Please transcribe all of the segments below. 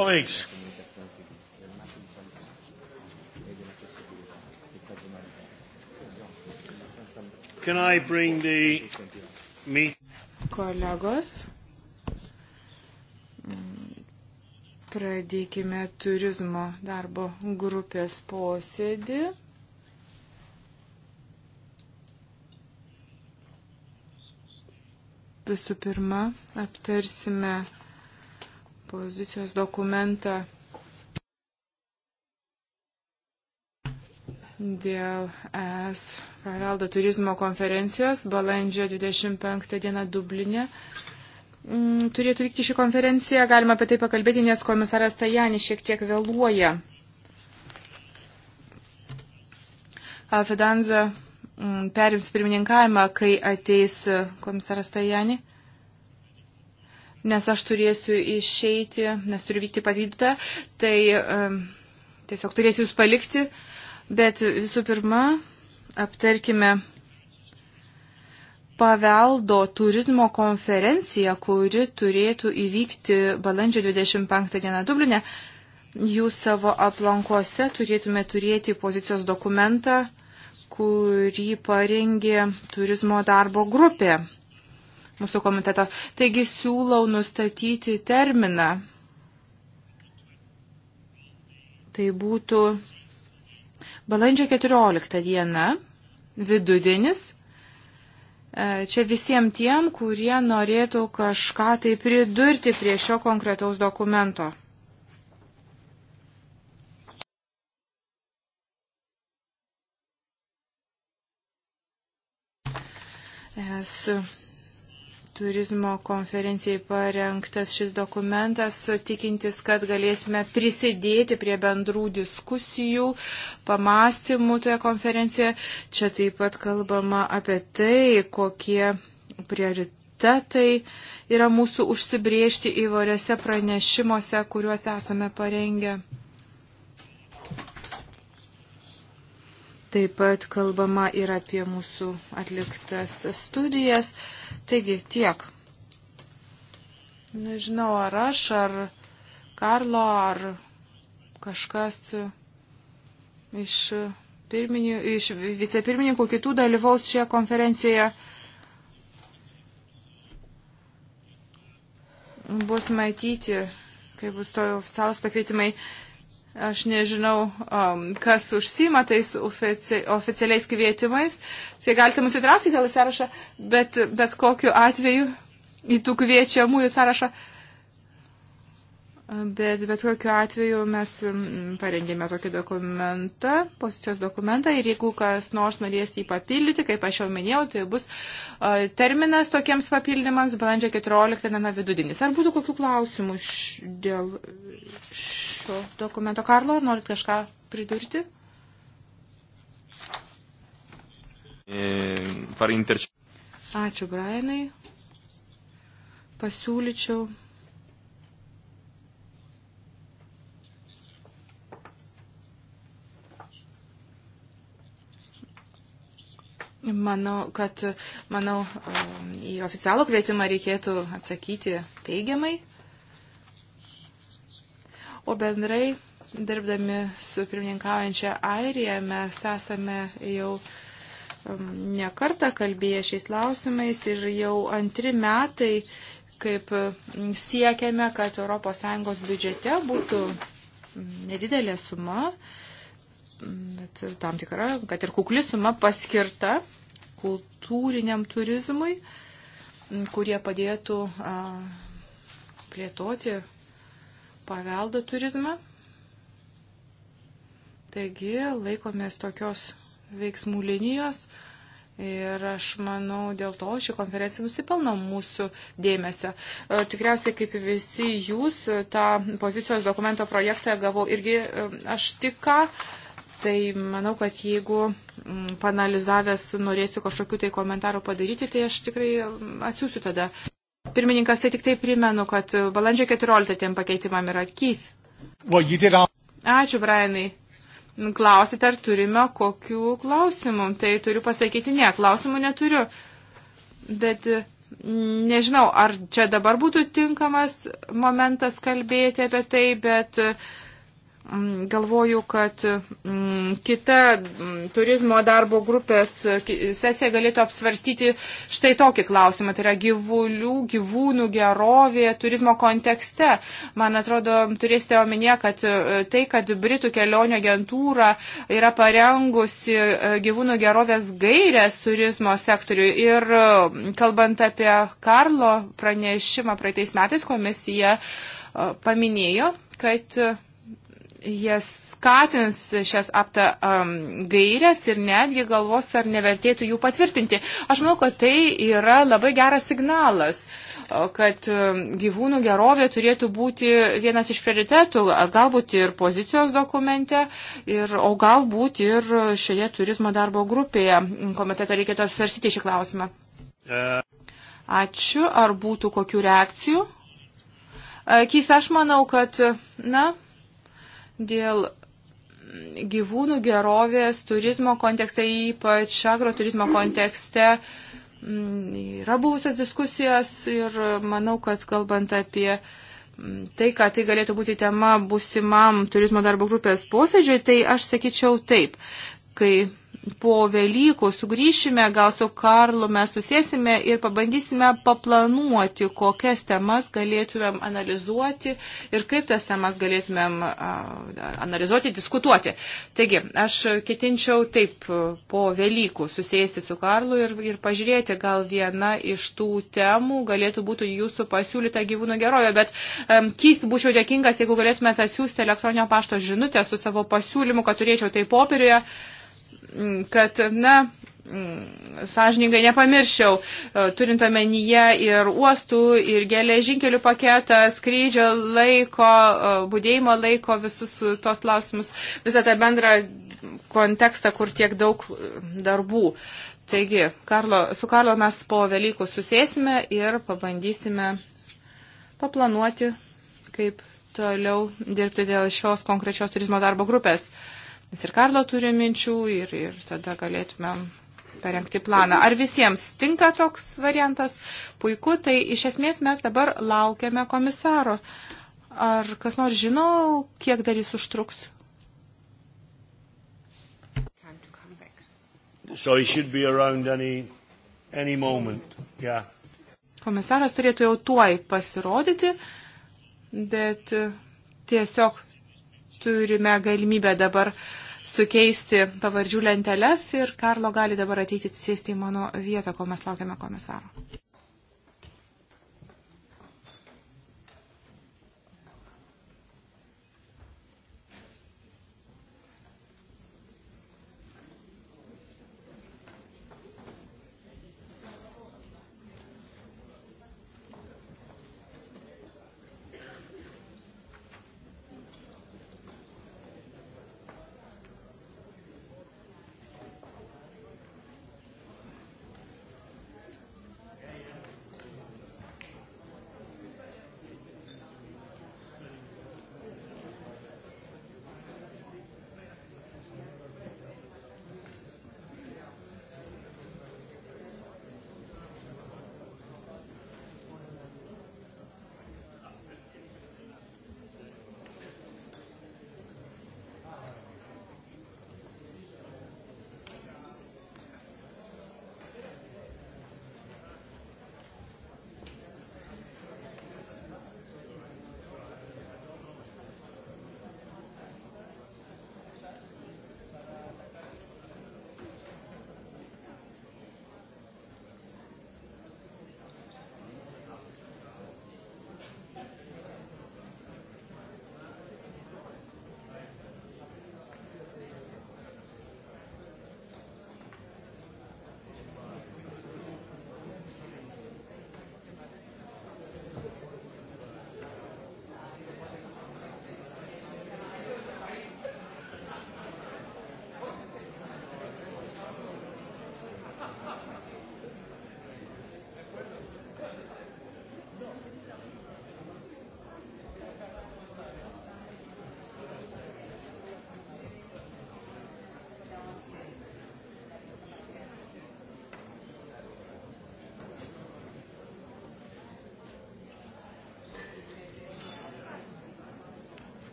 Colleagues. Can I bring the meet? Kolegos, pradėkime turizmo darbo grupės posėdį. Visų pirma, aptarsime pozicijos dokumentą dėl ES paveldo turizmo konferencijos balandžio 25 dieną Dublinė. Mm, turėtų vykti ši konferencija, galima apie tai pakalbėti, nes komisaras Tajani šiek tiek vėluoja. Alfidanza mm, perims pirmininkavimą, kai ateis e, komisaras Tajani nes aš turėsiu išeiti, nes turiu vykti pas gydytoją, tai um, tiesiog turėsiu jūs palikti, bet visų pirma, aptarkime paveldo turizmo konferenciją, kuri turėtų įvykti balandžio 25 dieną Dublinė. Jūs savo aplankose turėtume turėti pozicijos dokumentą, kurį parengė turizmo darbo grupė mūsų komiteto. Taigi siūlau nustatyti terminą. Tai būtų balandžio 14 diena, vidudienis. E, čia visiems tiem, kurie norėtų kažką tai pridurti prie šio konkretaus dokumento. Esu turizmo konferencijai parengtas šis dokumentas, tikintis, kad galėsime prisidėti prie bendrų diskusijų, pamastymų toje konferencijoje. Čia taip pat kalbama apie tai, kokie prioritetai yra mūsų užsibriežti įvairiose pranešimuose, kuriuos esame parengę. Taip pat kalbama ir apie mūsų atliktas studijas. Uh, Taigi tiek. Nežinau, ar aš, ar Karlo, ar kažkas iš, pirminių, iš vicepirmininkų kitų dalyvaus šioje konferencijoje. Bus matyti, kaip bus to oficialus pakvietimai. Aš nežinau, um, kas užsima tais ofici oficialiais kvietimais. Tai galite mus įtraukti gal į sąrašą, bet, bet kokiu atveju į tų kviečiamųjų sąrašą. Uh, Bet bet kokiu atveju mes mm, parengėme tokį dokumentą, pozicijos dokumentą ir jeigu kas nors norės jį papildyti, kaip aš jau minėjau, tai bus terminas tokiems papildymams balandžio 14 diena vidudinis. Ar būtų kokių klausimų š, dėl šio dokumento? Karlo, norit kažką pridurti? E, Ačiū, Brianai. Pasiūlyčiau Manau, kad manau, um, į oficialų kvietimą reikėtų atsakyti teigiamai. O bendrai, dirbdami su pirmininkaujančia Airija, mes esame jau um, nekartą kalbėję šiais klausimais ir jau antri metai, kaip um, siekiame, kad ES biudžete būtų nedidelė suma bet tam tikra, kad ir kukli suma paskirta kultūriniam turizmui, kurie padėtų a, plėtoti paveldo turizmą. Taigi laikomės tokios veiksmų linijos ir aš manau dėl to ši konferencija nusipelno mūsų dėmesio. E, tikriausiai kaip visi jūs tą pozicijos dokumento projektą gavau irgi e, aš tik ką. Tai manau, kad jeigu mm, panalizavęs norėsiu kažkokiu tai komentaru padaryti, tai aš tikrai mm, atsiųsiu tada. Pirmininkas, tai tik tai primenu, kad balandžio 14 tiem pakeitimam yra Keith. Well, Ačiū, Brianai. Klausite, ar turime kokių klausimų. Tai turiu pasakyti, ne, klausimų neturiu. Bet nežinau, ar čia dabar būtų tinkamas momentas kalbėti apie tai, bet. Uh, Mm, galvoju, kad mm, kita mm, turizmo darbo grupės e, sesija galėtų apsvarstyti štai tokį klausimą, tai yra gyvulių, gyvūnų gerovė turizmo kontekste. Man atrodo, turėsite omenyje, kad e, tai, kad Britų kelionio agentūra yra parengusi e, gyvūnų gerovės gairės turizmo sektoriui ir kalbant apie Karlo pranešimą praeitais metais komisija paminėjo, kad jie skatins šias apta um, gairias ir netgi galvos, ar nevertėtų jų patvirtinti. Aš manau, kad tai yra labai geras signalas kad gyvūnų gerovė turėtų būti vienas iš prioritetų, galbūt ir pozicijos dokumente, ir, o galbūt ir šioje turizmo darbo grupėje komiteto reikėtų apsvarsyti šį klausimą. Ačiū. Ar būtų kokių reakcijų? Keista, aš manau, kad, na, dėl gyvūnų gerovės turizmo kontekste, ypač agroturizmo kontekste, mm, yra buvusios diskusijos ir manau, kad kalbant apie mm, tai, kad tai galėtų būti tema būsimam turizmo darbo grupės posėdžiui, tai aš sakyčiau taip, kai po Velykų sugrįšime, gal su Karlu mes susėsime ir pabandysime paplanuoti, kokias temas galėtumėm analizuoti ir kaip tas temas galėtumėm analizuoti, diskutuoti. Taigi, aš ketinčiau taip po Velykų susėsti su Karlu ir, ir pažiūrėti, gal viena iš tų temų galėtų būti jūsų pasiūlyta gyvūnų gerovė, bet um, Keith, būčiau dėkingas, jeigu galėtumėte atsiųsti elektroninio pašto žinutę su savo pasiūlymu, kad turėčiau tai popieriuje. Yeah kad, na, sąžiningai nepamirščiau, e, turint omenyje ir uostų, ir geležinkelių paketą, skrydžio laiko, e, būdėjimo laiko, visus tos klausimus, visą tą bendrą kontekstą, kur tiek daug darbų. Taigi, Karlo, su Karlo mes po Velykų susėsime ir pabandysime paplanuoti, kaip toliau dirbti dėl šios konkrečios turizmo darbo grupės. Nes ir Karlo turi minčių ir, ir tada galėtumėm parengti planą. Ar visiems tinka toks variantas? Puiku, tai iš esmės mes dabar laukiame komisaro. Ar kas nors žinau, kiek dar jis užtruks? So any, any moment. yeah. Komisaras turėtų jau tuoj pasirodyti, bet tiesiog turime galimybę dabar uh, sukeisti pavardžių lenteles ir Karlo gali dabar ateiti atsisėsti į mano vietą, kol mes laukiame komisaro.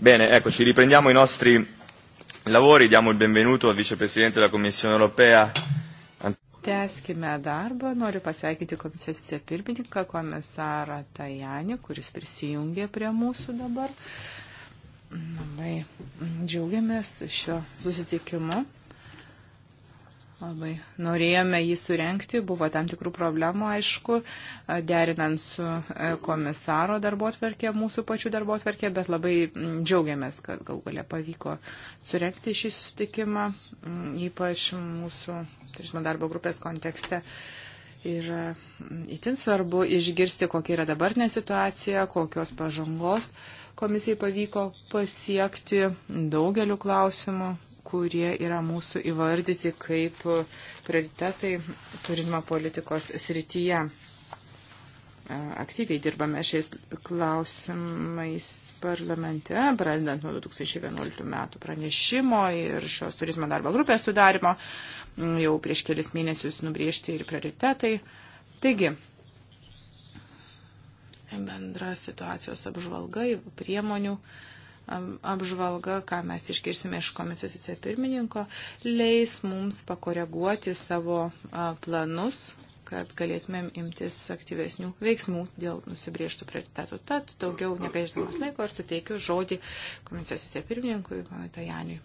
Bene, eccoci, riprendiamo i nostri lavori, diamo il benvenuto al vicepresidente della Commissione europea. Teskime darbą, noriu pasveikinti komisijos vicepirmininką komisarą Tajanį, kuris prisijungė prie mūsų dabar. Labai džiaugiamės šio susitikimu. Labai norėjome jį surenkti, buvo tam tikrų problemų, aišku, derinant su e, komisaro darbo atverkė, mūsų pačių darbo atverkė, bet labai džiaugiamės, kad gal galia pavyko surenkti šį susitikimą, ypač mūsų taršimo, darbo grupės kontekste. Ir itin svarbu išgirsti, kokia yra dabartinė situacija, kokios pažangos komisijai pavyko pasiekti daugeliu klausimų kurie yra mūsų įvardyti kaip prioritetai turizmo politikos srityje. E, aktyviai dirbame šiais klausimais parlamente, pradedant nuo 2011 metų pranešimo ir šios turizmo darbo grupės sudarimo, jau prieš kelis mėnesius nubriežti ir prioritetai. Taigi, bendra situacijos apžvalga, priemonių uh, apžvalga, ką mes iškirsime iš komisijos vicepirmininko, leis mums pakoreguoti savo planus kad galėtumėm imtis aktyvesnių veiksmų dėl nusibrieštų prioritetų. Tad daugiau negaiždamas laiko aš suteikiu žodį komisijos vicepirmininkui, manai Tajaniui.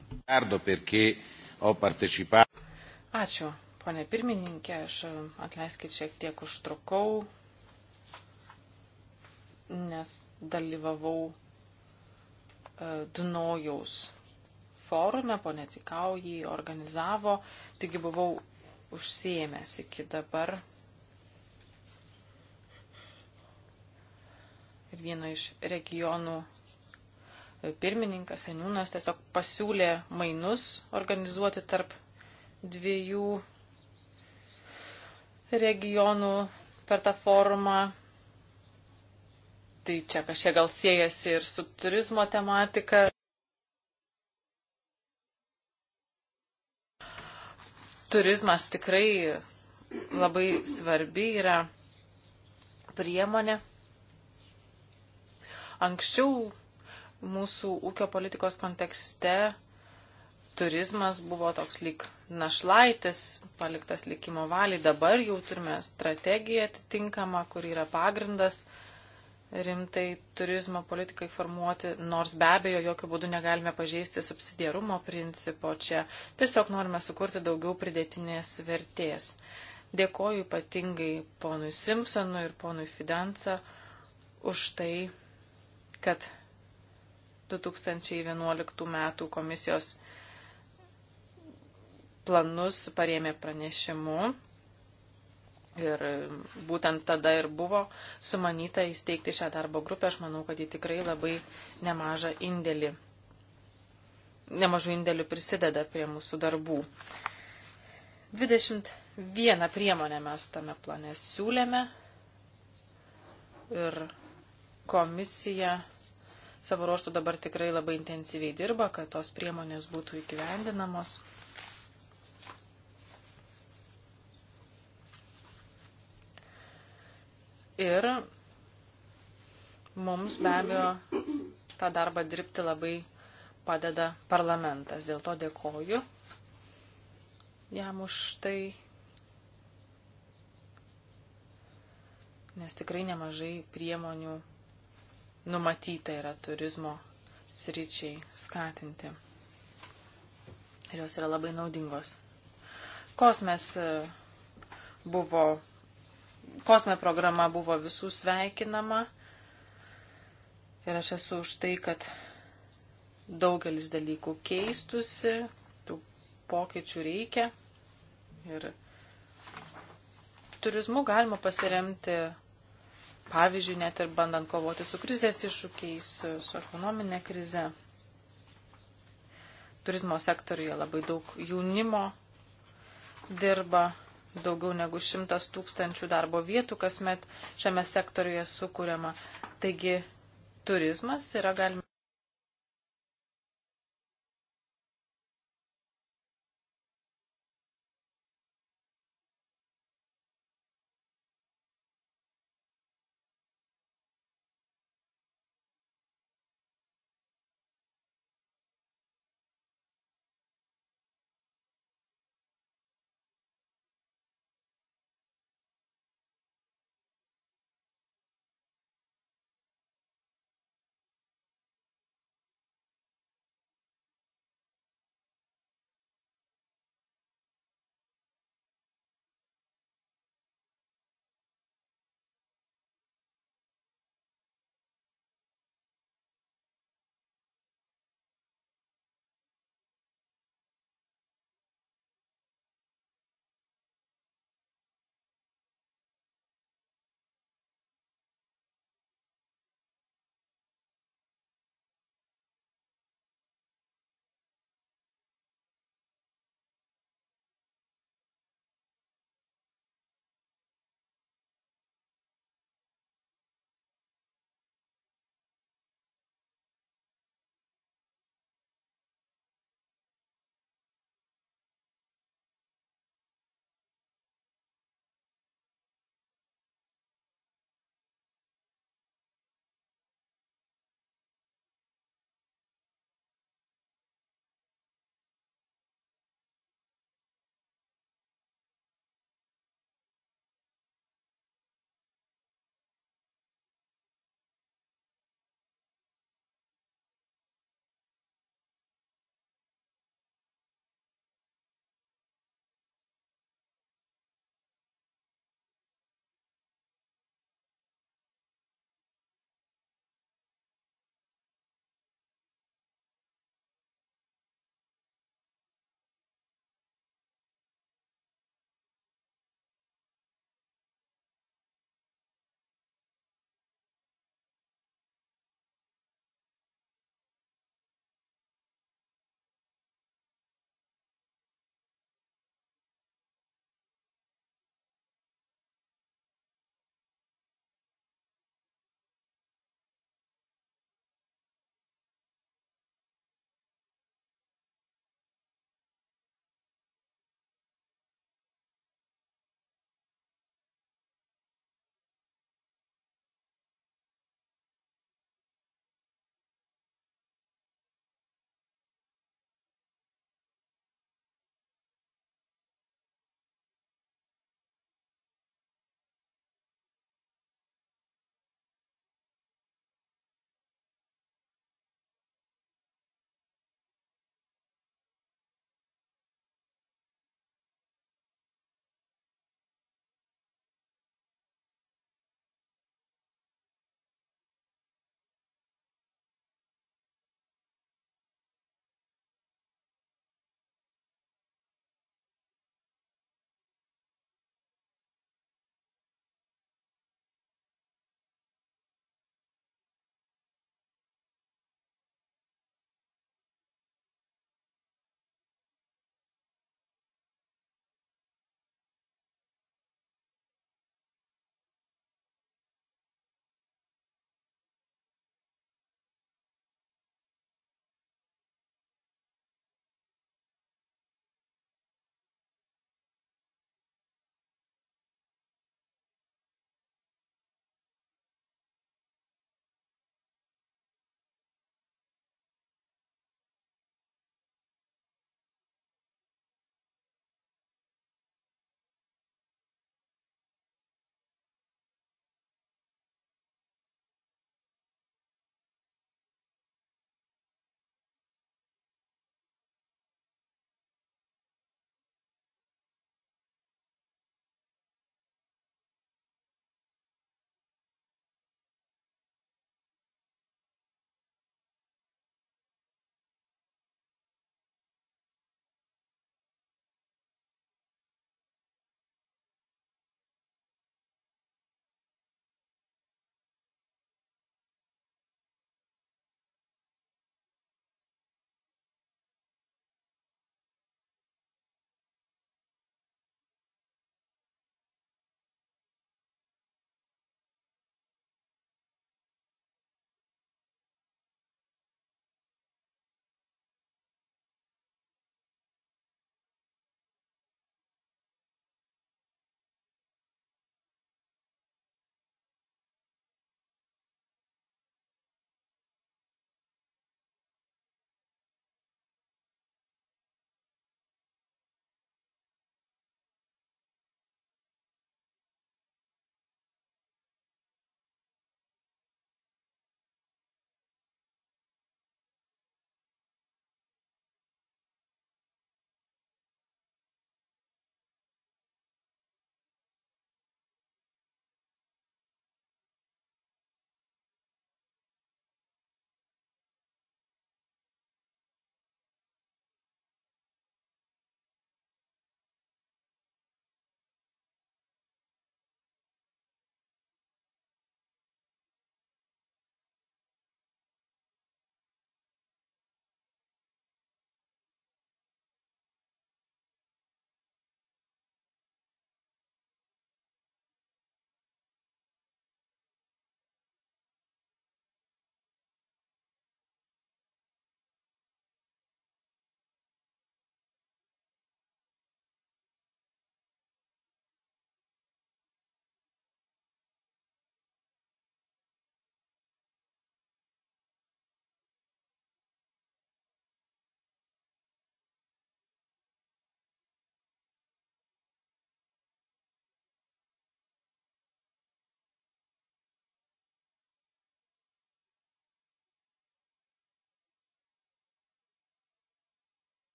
Ačiū, ponė pirmininkė, aš atleiskit šiek tiek užtrukau, nes dalyvavau E, Dunojaus forume, ponė Cikau jį organizavo, taigi buvau užsiemęs iki dabar. Ir vieno iš regionų pirmininkas Seniūnas tiesiog pasiūlė mainus organizuoti tarp dviejų regionų per tą forumą Tai čia kažkiek gal siejasi ir su turizmo tematika. Turizmas tikrai labai svarbi yra priemonė. Anksčiau mūsų ūkio politikos kontekste turizmas buvo toks lyg našlaitis, paliktas likimo valiai. Dabar jau turime strategiją atitinkamą, kur yra pagrindas rimtai turizmo politikai formuoti, nors be abejo jokių būdų negalime pažeisti subsidiarumo principo čia. Tiesiog norime sukurti daugiau pridėtinės vertės. Dėkoju ypatingai ponui Simpsonui ir ponui Fidansa už tai, kad 2011 metų komisijos planus parėmė pranešimu Ir būtent tada ir buvo sumanyta įsteigti šią darbo grupę. Aš manau, kad ji tikrai labai nemažą indėlį, nemažų indėlių prisideda prie mūsų darbų. 21 priemonę mes tame plane siūlėme ir komisija savo ruoštų dabar tikrai labai intensyviai dirba, kad tos priemonės būtų įgyvendinamos. Ir mums be abejo tą darbą dirbti labai padeda parlamentas. Dėl to dėkoju jam už tai, nes tikrai nemažai priemonių numatyta yra turizmo sričiai skatinti. Ir jos yra labai naudingos. Kosmes e, buvo kosme programa buvo visų sveikinama. Ir aš esu už tai, kad daugelis dalykų keistusi, tų pokyčių reikia. Ir turizmu galima pasiremti, pavyzdžiui, net ir bandant kovoti su krizės iššūkiais, su ekonominė krize. Turizmo sektoriuje labai daug jaunimo dirba daugiau negu šimtas tūkstančių darbo vietų kasmet šiame sektoriuje sukūriama. Taigi turizmas yra galima.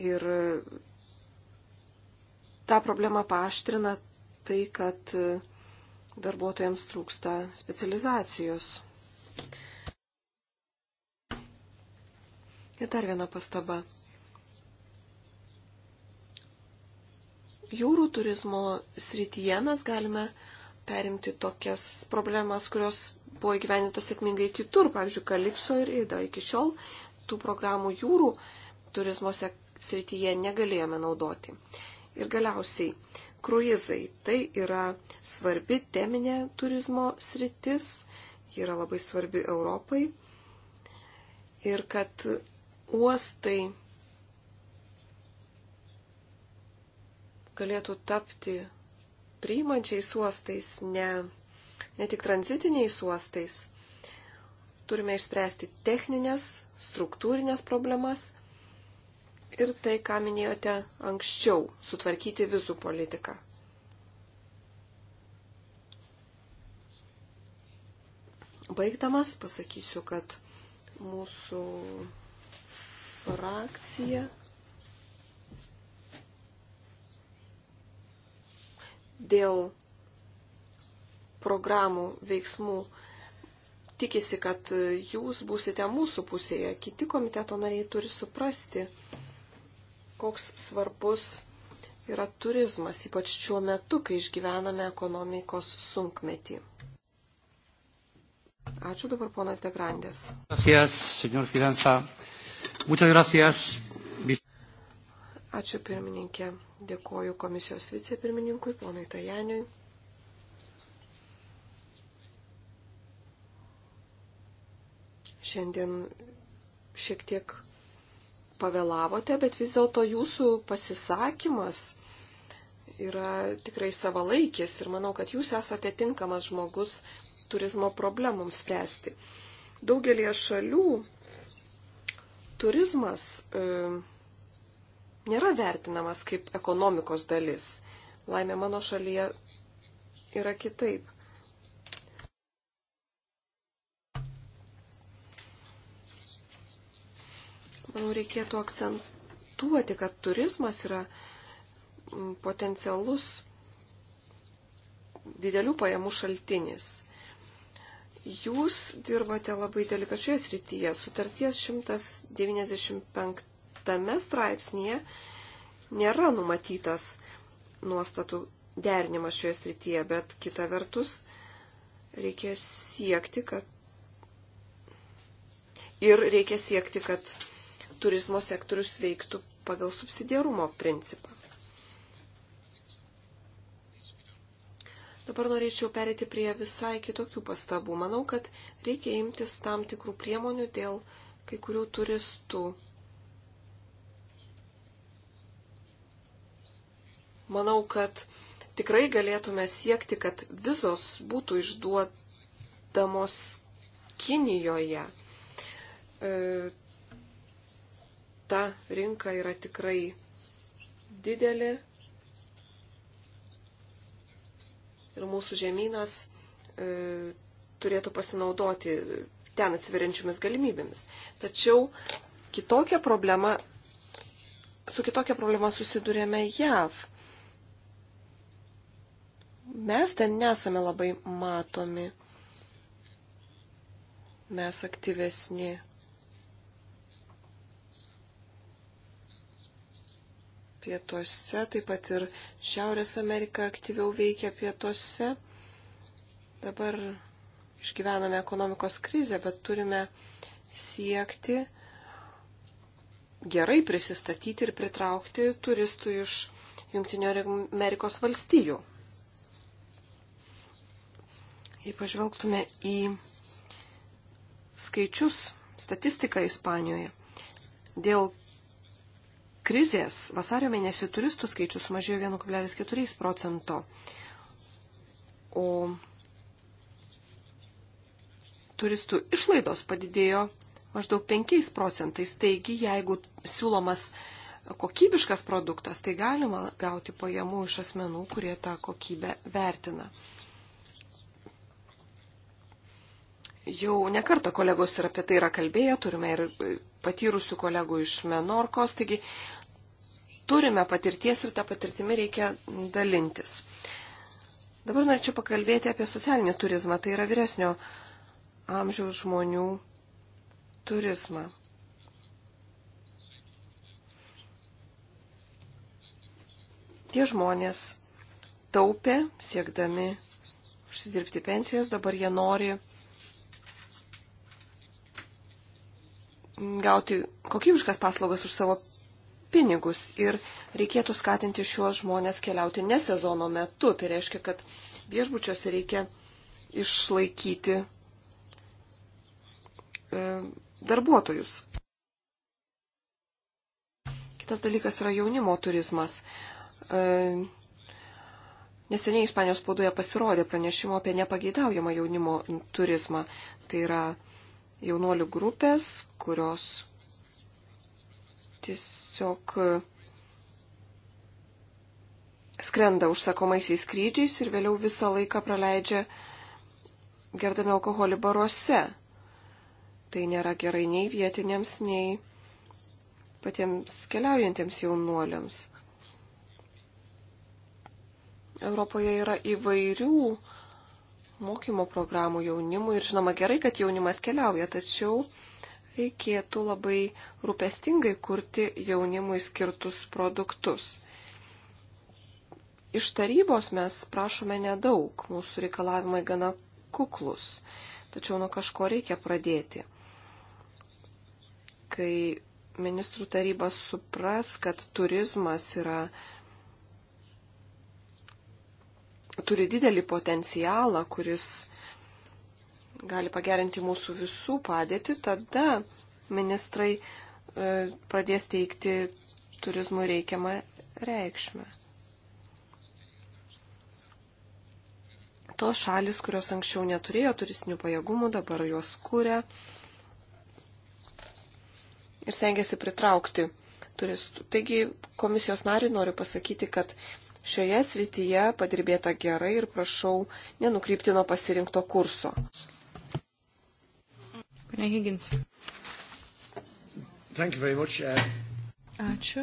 Ir tą problemą paaštrina tai, kad darbuotojams trūksta specializacijos. Ir dar viena pastaba. Jūrų turizmo srityje mes galime perimti tokias problemas, kurios buvo įgyvenintos sėkmingai kitur, pavyzdžiui, Kalipso ir Ida iki šiol tų programų jūrų turizmo sek srityje negalėjome naudoti. Ir galiausiai, kruizai tai yra svarbi teminė turizmo sritis, yra labai svarbi Europai. Ir kad uostai galėtų tapti priimančiais uostais, ne, ne tik tranzitiniais uostais, turime išspręsti techninės, struktūrinės problemas ir tai, ką minėjote anksčiau - sutvarkyti vizų politiką. Baigdamas pasakysiu, kad mūsų frakcija dėl programų veiksmų tikisi, kad jūs būsite mūsų pusėje. Kiti komiteto nariai turi suprasti, koks svarbus yra turizmas, ypač šiuo metu, kai išgyvename ekonomikos sunkmetį. Ačiū dabar ponas Degrandės. Ačiū pirmininkė. Dėkoju komisijos vicepirmininkui, ponui Tajaniui. Šiandien šiek tiek pavėlavote, bet vis dėlto jūsų pasisakymas yra tikrai savalaikis ir manau, kad jūs esate tinkamas žmogus turizmo problemams spręsti. Daugelie šalių turizmas e, nėra vertinamas kaip ekonomikos dalis. Laimė mano šalyje yra kitaip. manau, reikėtų akcentuoti, kad turizmas yra mm, potencialus didelių pajamų šaltinis. Jūs dirbate labai delikačioje srityje. Sutarties 195 straipsnėje nėra numatytas nuostatų derinimas šioje srityje, bet kita vertus reikia siekti, kad ir reikia siekti, kad turizmo sektorius veiktų pagal subsidiarumo principą. Dabar norėčiau perėti prie visai kitokių pastabų. Manau, kad reikia imtis tam tikrų priemonių dėl kai kurių turistų. Manau, kad tikrai galėtume siekti, kad vizos būtų išduodamos Kinijoje. E, ta rinka yra tikrai didelė. Ir mūsų žemynas e, turėtų pasinaudoti ten atsiveriančiomis galimybėmis. Tačiau kitokia problema, su kitokia problema susidurėme JAV. Mes ten nesame labai matomi. Mes aktyvesni pietuose, taip pat ir Šiaurės Amerika aktyviau veikia pietuose. Dabar išgyvename ekonomikos krizę, bet turime siekti gerai prisistatyti ir pritraukti turistų iš Junktinio Amerikos valstijų. Jei pažvelgtume į skaičius, statistiką Ispanijoje, dėl krizės vasario mėnesį turistų skaičius mažėjo 1,4 procento. O turistų išlaidos padidėjo maždaug 5 procentais. Taigi, jeigu siūlomas kokybiškas produktas, tai galima gauti pajamų iš asmenų, kurie tą kokybę vertina. Jau nekarta kolegos ir apie tai yra kalbėję, turime ir patyrusių kolegų iš Menorkos, taigi turime patirties ir tą patirtimį reikia dalintis. Dabar norėčiau pakalbėti apie socialinį turizmą, tai yra vyresnio amžiaus žmonių turizmą. Tie žmonės taupė, siekdami užsidirbti pensijas, dabar jie nori gauti kokybiškas paslaugas už savo pinigus ir reikėtų skatinti šiuos žmonės keliauti ne sezono metu. Tai reiškia, kad viešbučiuose reikia išlaikyti e, darbuotojus. Kitas dalykas yra jaunimo turizmas. E, Neseniai Ispanijos spaudoje pasirodė pranešimo apie nepageidaujamą jaunimo turizmą. Tai yra jaunolių grupės, kurios ties, tiesiog e, skrenda užsakomaisiais skrydžiais ir vėliau visą laiką praleidžia gerdami alkoholį baruose. Tai nėra gerai nei vietiniams, nei patiems keliaujantiems jaunuoliams. Europoje yra įvairių mokymo programų jaunimui ir žinoma gerai, kad jaunimas keliauja, tačiau reikėtų labai rūpestingai kurti jaunimui skirtus produktus. Iš tarybos mes prašome nedaug, mūsų reikalavimai gana kuklus, tačiau nuo kažko reikia pradėti. Kai ministrų taryba supras, kad turizmas yra, turi didelį potencialą, kuris gali pagerinti mūsų visų padėtį, tada ministrai e, pradės teikti turizmui reikiamą reikšmę. Tos šalis, kurios anksčiau neturėjo turistinių pajėgumų, dabar juos kūrė ir stengiasi pritraukti turistų. Taigi komisijos nariui noriu pasakyti, kad šioje srityje padirbėta gerai ir prašau nenukrypti nuo pasirinkto kurso ponė Higgins. Uh, Ačiū.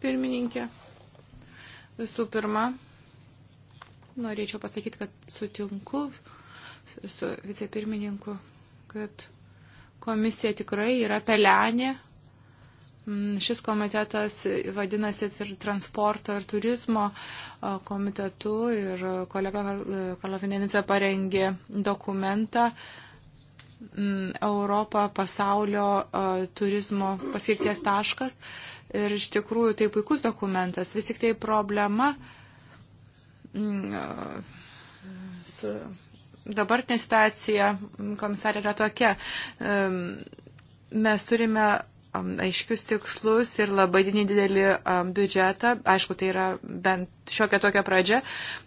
Pirmininkė. Visų pirma, norėčiau pasakyti, kad sutinku su vicepirmininku, kad komisija tikrai yra pelenė. Mm, šis komitetas vadinasi ir transporto ir turizmo komitetu ir kolega Karlovinėnica parengė dokumentą Mm, Europą pasaulio e, turizmo paskirties taškas. Ir iš tikrųjų tai puikus dokumentas. Vis tik tai problema mm, e, dabartinė situacija, mm, komisarė, yra tokia. Mes turime aiškius tikslus ir labai didelį biudžetą. Aišku, tai yra bent šiokia tokia pradžia,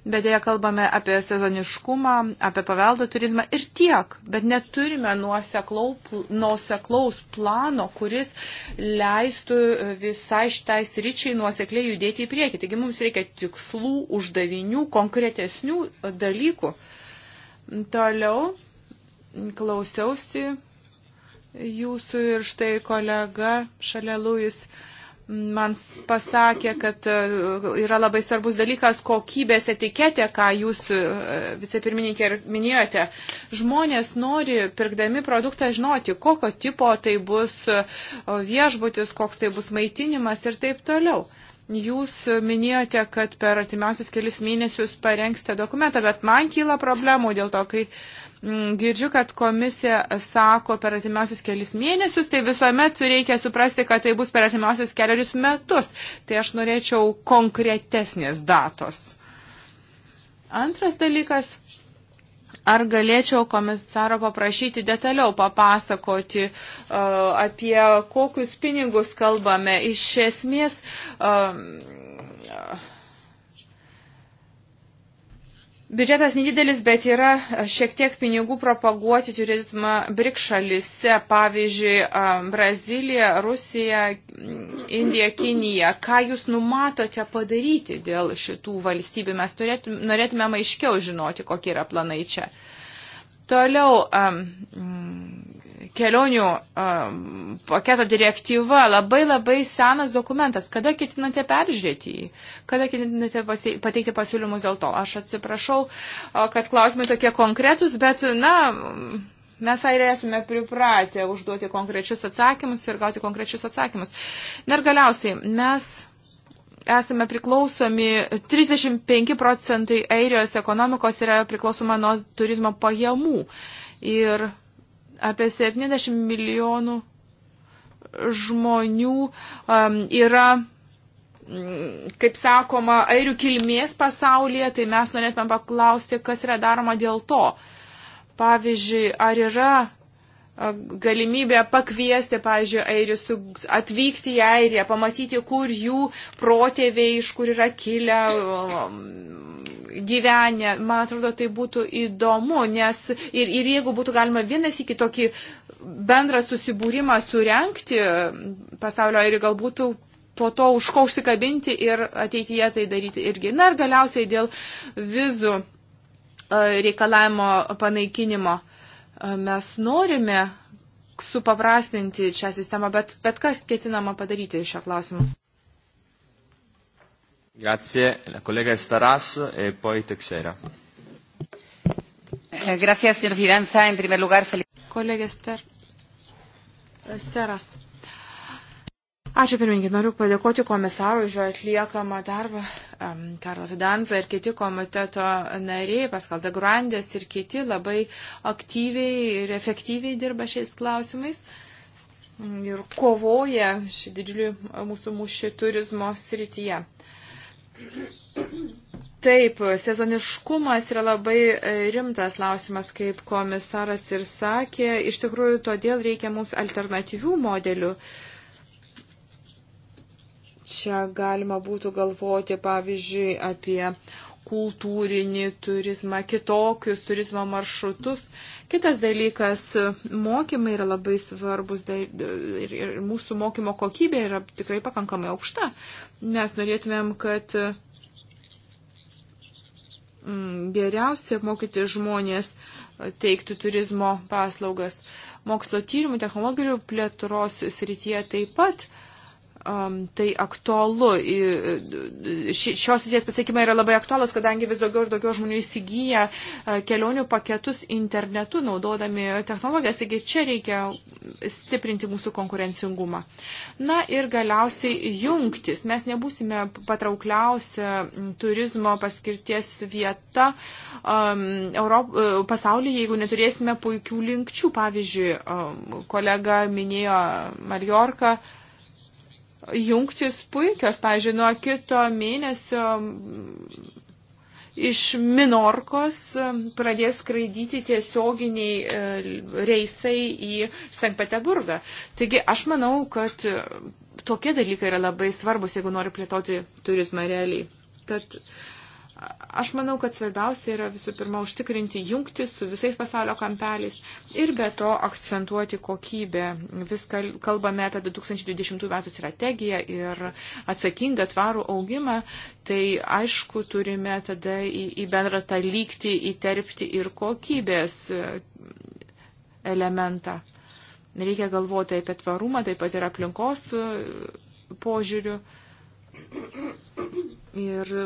bet dėja kalbame apie sezoniškumą, apie paveldo turizmą ir tiek, bet neturime nuoseklaus plano, kuris leistų e, visai šitai sričiai nuosekliai judėti į priekį. Taigi mums reikia tikslų, uždavinių, konkretesnių dalykų. Toliau klausiausi jūsų ir štai kolega šalia Luis man pasakė, kad e, yra labai svarbus dalykas kokybės etiketė, ką jūs e, vicepirmininkė ir minėjote. Žmonės nori, pirkdami produktą, žinoti, kokio tipo tai bus e, viešbutis, koks tai bus maitinimas ir taip toliau. Jūs minėjote, kad per artimiausius kelius mėnesius parengsite dokumentą, bet man kyla problemų dėl to, kai Mm, girdžiu, kad komisija sako per atimiausius kelius mėnesius, tai visuomet reikia suprasti, kad tai bus per atimiausius kelius metus. Tai aš norėčiau konkretesnės datos. Antras dalykas. Ar galėčiau komisaro paprašyti detaliau papasakoti uh, apie kokius pinigus kalbame? Iš esmės. Uh, Biudžetas nedidelis, bet yra e, šiek tiek pinigų propaguoti turizmą BRIC šalise, pavyzdžiui, Brazilija, Rusija, mm, Indija, Kinija. Ką jūs numatote padaryti dėl šitų valstybių? Mes turėtum, norėtume aiškiau žinoti, kokie yra planai čia. Toliau. Um, kelionių um, paketo direktyva labai labai senas dokumentas. Kada ketinate peržiūrėti jį? Kada ketinate pasi pateikti pasiūlymus dėl to? Aš atsiprašau, kad klausimai tokie konkretus, bet, na, mes airiai esame pripratę užduoti konkrečius atsakymus ir gauti konkrečius atsakymus. Na ir galiausiai, mes esame priklausomi, 35 procentai airijos ekonomikos yra priklausoma nuo turizmo pajamų. Ir apie 70 milijonų žmonių um, yra mm, kaip sakoma, airių kilmės pasaulyje, tai mes norėtume paklausti, kas yra daroma dėl to. Pavyzdžiui, ar yra galimybė pakviesti, pavyzdžiui, airius atvykti į Airiją, pamatyti, kur jų protėviai, iš kur yra kilę, um, gyvenę. Man atrodo, tai būtų įdomu, nes ir, ir jeigu būtų galima vienas iki tokį bendrą susibūrimą surenkti pasaulio ir galbūt po to už ko užsikabinti ir ateityje tai daryti irgi. Na ir galiausiai dėl vizų e, reikalavimo panaikinimo. E, mes norime supaprastinti šią sistemą, bet, bet kas ketinama padaryti šio klausimu? Grazie, la collega Estaras e poi Texera. Eh, gracias, señor Fidanza. En primer lugar, feliz. Kolegė Ester... Esteras. Ačiū pirmininkė, noriu padėkoti komisarui už jo atliekamą darbą. Karlo Fidanza ir kiti komiteto nariai, Paskalda Grandės ir kiti labai aktyviai ir efektyviai dirba šiais klausimais ir kovoja šį didžiulį mūsų mūšį turizmo srityje. Taip, sezoniškumas yra labai e, rimtas klausimas, kaip komisaras ir sakė. Iš tikrųjų, todėl reikia mums alternatyvių modelių. Čia galima būtų galvoti, pavyzdžiui, apie kultūrinį turizmą, kitokius turizmo maršrutus. Kitas dalykas, mokymai yra labai svarbus ir, ir mūsų mokymo kokybė yra tikrai pakankamai aukšta. Mes norėtumėm, kad mm, geriausiai apmokyti žmonės teiktų turizmo paslaugas. Mokslo tyrimų technologijų plėtros srityje taip pat um, tai aktualu. Šios idėjas pasiekimai yra labai aktualus, kadangi vis daugiau ir daugiau žmonių įsigyja e, kelionių paketus internetu, naudodami technologijas. Taigi čia reikia stiprinti mūsų konkurencingumą. Na ir galiausiai jungtis. Mes nebūsime patraukliausia turizmo paskirties vieta um, Europ, e, pasaulyje, jeigu neturėsime puikių linkčių. Pavyzdžiui, um, kolega minėjo Mallorca jungtis puikios, pažiūrėjau, nuo kito mėnesio iš Minorkos um, pradės skraidyti tiesioginiai uh, reisai į Sankt Peterburgą. Taigi aš manau, kad uh, tokie dalykai yra labai svarbus, jeigu nori plėtoti turizmą realiai. Tad Aš manau, kad svarbiausia yra visų pirma užtikrinti jungti su visais pasaulio kampeliais ir be to akcentuoti kokybę. Viską kalbame apie 2020 metų strategiją ir atsakingą tvarų augimą, tai aišku turime tada į, į bendrą tą lygti įterpti ir kokybės e, elementą. Reikia galvoti apie tvarumą, taip pat ir aplinkos e, požiūrių. Ir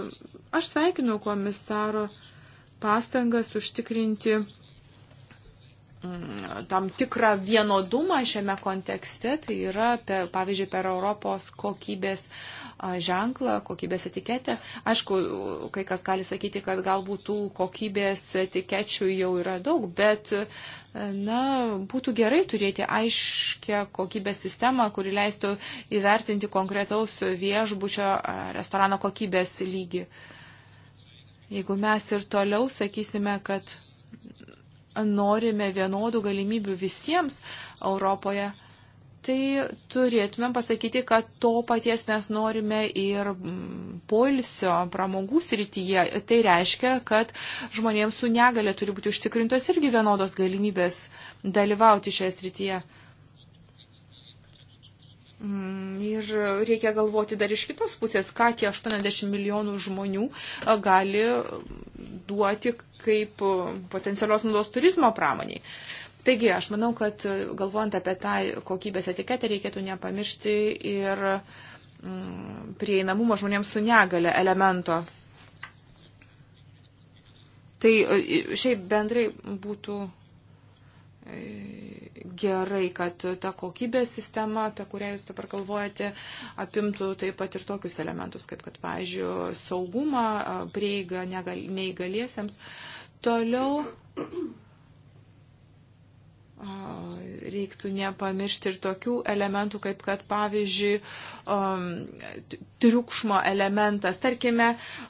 Aš sveikinu komisaro pastangas užtikrinti mm, tam tikrą vienodumą šiame kontekste, tai yra, per, pavyzdžiui, per Europos kokybės ženklą, kokybės etiketę. Aišku, kai kas gali sakyti, kad galbūt tų kokybės etikečių jau yra daug, bet, e, na, būtų gerai turėti aiškę kokybės sistemą, kuri leistų įvertinti konkretaus viešbučio restorano kokybės lygį. Uh, Jeigu mes ir toliau sakysime, kad norime vienodų galimybių visiems Europoje, tai turėtumėm pasakyti, kad to paties mes norime ir poilsio, pramogų srityje. Tai reiškia, kad žmonėms su negale turi būti užtikrintos irgi vienodos galimybės dalyvauti šioje srityje. Mm, ir reikia galvoti dar iš kitos pusės, ką tie 80 milijonų žmonių gali duoti kaip potencialios naudos turizmo pramoniai. Taigi, aš manau, kad galvojant apie tą kokybės etiketę, reikėtų nepamiršti ir mm, prieinamumo žmonėms su negale elemento. Tai šiaip bendrai būtų gerai, kad ta kokybės sistema, apie kurią jūs dabar galvojate, apimtų taip pat ir tokius elementus, kaip kad, pavyzdžiui, saugumą, prieigą neįgaliesiems. Toliau reiktų nepamiršti ir tokių elementų, kaip kad pavyzdžiui um, triukšmo elementas. Tarkime,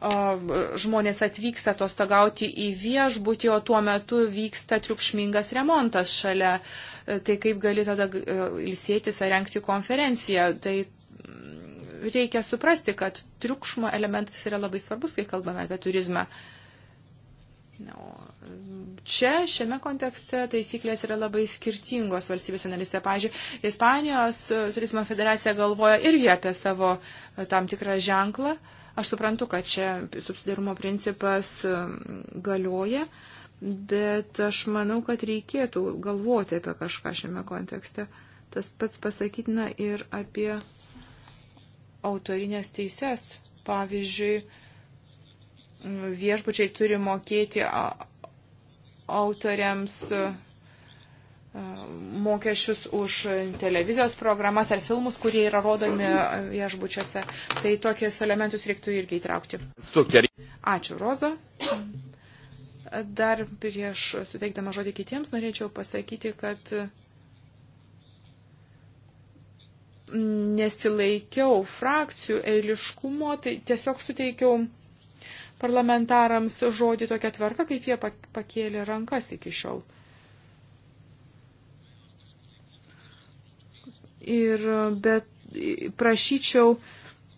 um, žmonės atvyksta atostogauti į viešbutį, o tuo metu vyksta triukšmingas remontas šalia. E, tai kaip gali tada e, ilsėtis ar renkti konferenciją. Tai mm, reikia suprasti, kad triukšmo elementas yra labai svarbus, kai kalbame apie turizmą. Uh, Čia, šiame kontekste, taisyklės yra labai skirtingos valstybės analise. Pavyzdžiui, Ispanijos e, turizmo federacija galvoja irgi apie savo e, tam tikrą ženklą. Aš suprantu, kad čia subsidarumo principas e, galioja, bet aš manau, kad reikėtų galvoti apie kažką šiame kontekste. Tas pats pasakytina ir apie autorinės teises. Pavyzdžiui, viešbučiai turi mokėti autoriams mokesčius už televizijos programas ar filmus, kurie yra rodomi viešbučiuose. Tai tokius elementus reiktų irgi įtraukti. Ačiū, Roza. Dar prieš suteikdama žodį kitiems norėčiau pasakyti, kad nesilaikiau frakcijų eiliškumo, tai tiesiog suteikiau parlamentarams žodį tokia tvarka, kaip jie pakėlė rankas iki šiol. Ir bet prašyčiau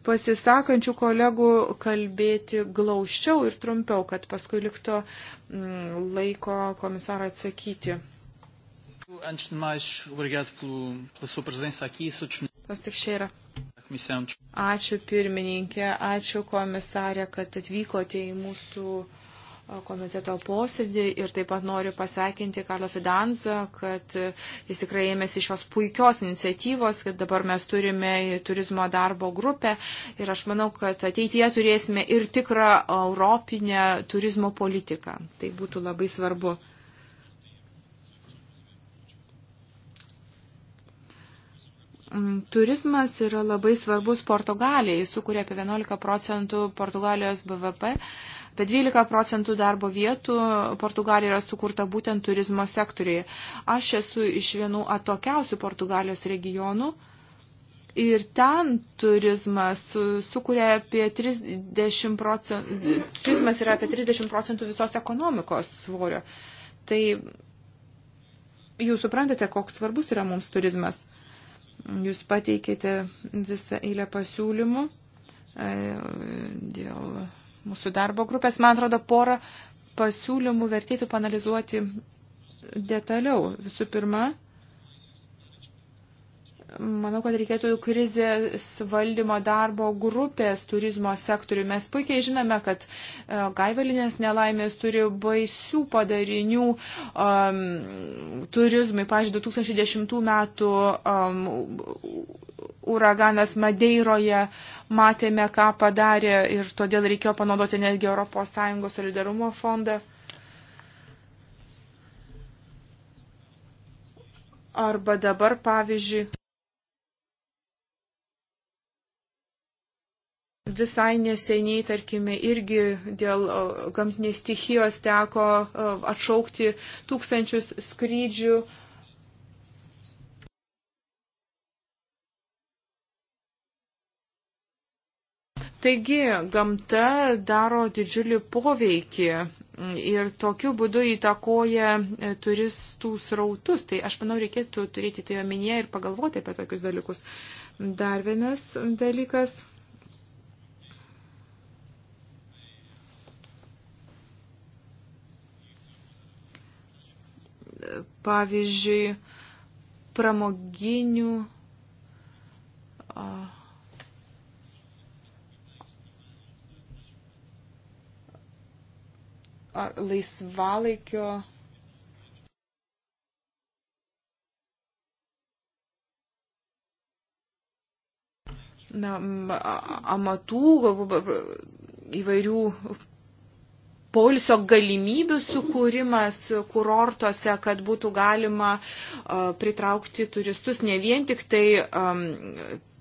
pasisakančių kolegų kalbėti glaučiau ir trumpiau, kad paskui likto mm, laiko komisarą atsakyti. Antes de mais, obrigado pela sua presença aqui. Sou disponível. Ačiū pirmininkė, ačiū komisarė, kad atvykote į mūsų komiteto posėdį ir taip pat noriu pasveikinti Karlo Fidanzą, kad jis tikrai ėmėsi šios puikios iniciatyvos, kad dabar mes turime turizmo darbo grupę ir aš manau, kad ateityje turėsime ir tikrą europinę turizmo politiką. Tai būtų labai svarbu. Mm, turizmas yra labai svarbus Portugalijai, sukuria apie 11 procentų Portugalijos BVP, apie 12 procentų darbo vietų Portugalija yra sukurta būtent turizmo sektoriai. Aš esu iš vienų atokiausių Portugalijos regionų ir ten turizmas sukuria apie 30 procentų, turizmas yra apie 30 procentų visos ekonomikos svorio. Tai jūs suprantate, koks svarbus yra mums turizmas. Jūs pateikėte visą eilę pasiūlymų e, dėl mūsų darbo grupės. Man atrodo, porą pasiūlymų vertėtų panalizuoti detaliau. Visų pirma, Manau, kad reikėtų krizės valdymo darbo grupės turizmo sektoriui. Mes puikiai žinome, kad e, gaivalinės nelaimės turi baisių padarinių um, turizmui. Pavyzdžiui, 2010 metų um, uraganas Madeiroje matėme, ką padarė ir todėl reikėjo panaudoti netgi ES solidarumo fondą. Arba dabar, pavyzdžiui, Visai neseniai, tarkime, irgi dėl gamtinės stichijos teko atšaukti tūkstančius skrydžių. Taigi, gamta daro didžiulį poveikį ir tokiu būdu įtakoja turistų srautus. Tai aš manau, reikėtų turėti tai omenyje ir pagalvoti apie tokius dalykus. Dar vienas dalykas pavyzdžiui, pramoginių ar laisvalaikio na, amatų, galbūt įvairių polsio galimybių sukūrimas kurortuose, kad būtų galima pritraukti turistus ne vien tik tai um,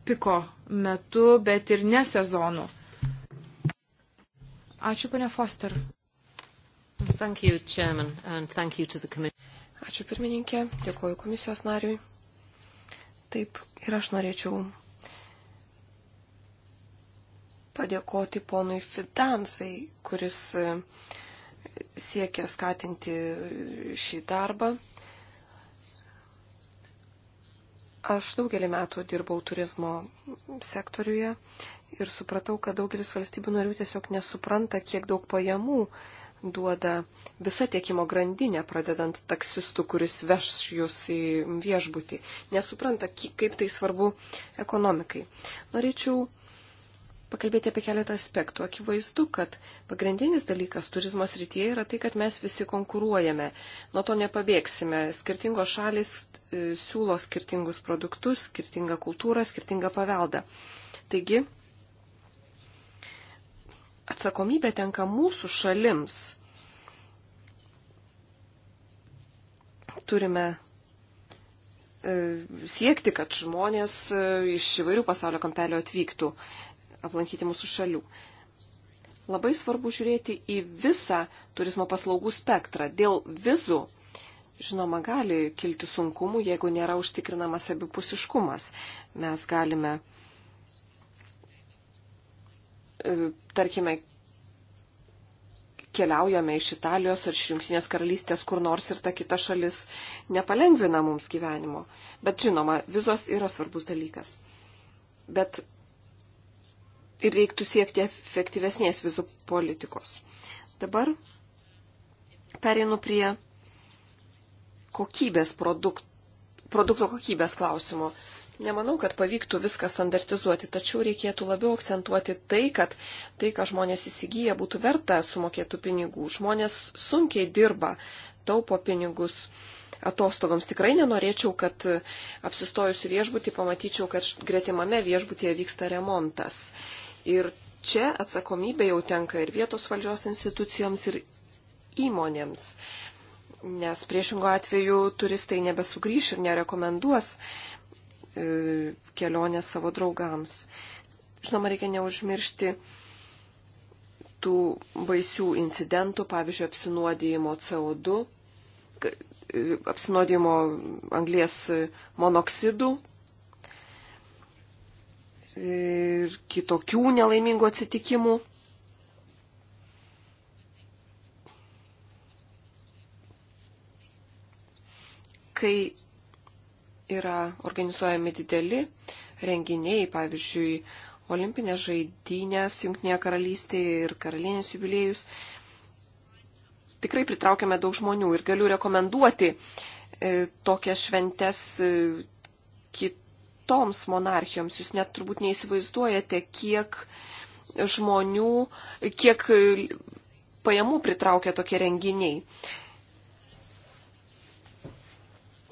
piko metu, bet ir ne sezonu. Ačiū, ponė Foster. Thank you, Chairman, and thank you to the committee. Ačiū pirmininkė, dėkoju komisijos nariui. Taip, ir aš norėčiau padėkoti ponui Fidansai, kuris e, siekia skatinti šį darbą. Aš daugelį metų dirbau turizmo sektoriuje ir supratau, kad daugelis valstybių narių tiesiog nesupranta, kiek daug pajamų duoda visa tiekimo grandinė, pradedant taksistų, kuris veš jūs į viešbutį. Nesupranta, kaip tai svarbu ekonomikai. Norėčiau pakalbėti apie keletą aspektų. Akivaizdu, kad pagrindinis dalykas turizmo srityje yra tai, kad mes visi konkuruojame. Nuo to nepabėgsime. Skirtingos šalis e, siūlo skirtingus produktus, skirtingą kultūrą, skirtingą paveldą. Taigi, atsakomybė tenka mūsų šalims. Turime e, siekti, kad žmonės e, iš įvairių pasaulio kampelio atvyktų aplankyti mūsų šalių. Labai svarbu žiūrėti į visą turizmo paslaugų spektrą. Dėl vizų, žinoma, gali kilti sunkumų, jeigu nėra užtikrinamas abipusiškumas. Mes galime, e, tarkime, keliaujame iš Italijos ar iš Junktinės karalystės kur nors ir ta kita šalis nepalengvina mums gyvenimo. Bet žinoma, vizos yra svarbus dalykas. Bet ir reiktų siekti efektyvesnės vizų politikos. Dabar pereinu prie kokybės produkt, produkto kokybės klausimo. Nemanau, kad pavyktų viską standartizuoti, tačiau reikėtų labiau akcentuoti tai, kad tai, ką žmonės įsigyja, būtų verta sumokėtų pinigų. Žmonės sunkiai dirba, taupo pinigus atostogoms. Tikrai nenorėčiau, kad apsistojusiu viešbutį pamatyčiau, kad gretimame viešbutyje vyksta remontas. Ir čia atsakomybė jau tenka ir vietos valdžios institucijoms, ir įmonėms. Nes priešingo atveju turistai nebesugrįš ir nerekomenduos e, kelionės savo draugams. Žinoma, reikia neužmiršti tų baisių incidentų, pavyzdžiui, apsinuodėjimo CO2, e, apsinuodėjimo anglės monoksidų, ir kitokių nelaimingų atsitikimų. Kai yra organizuojami dideli renginiai, pavyzdžiui, olimpinės žaidynės Junktinėje karalystėje ir karalienės jubiliejus, tikrai pritraukiame daug žmonių ir galiu rekomenduoti e, tokias šventes e, kitų kitoms monarchijoms. Jūs net turbūt neįsivaizduojate, kiek žmonių, kiek pajamų pritraukia tokie renginiai.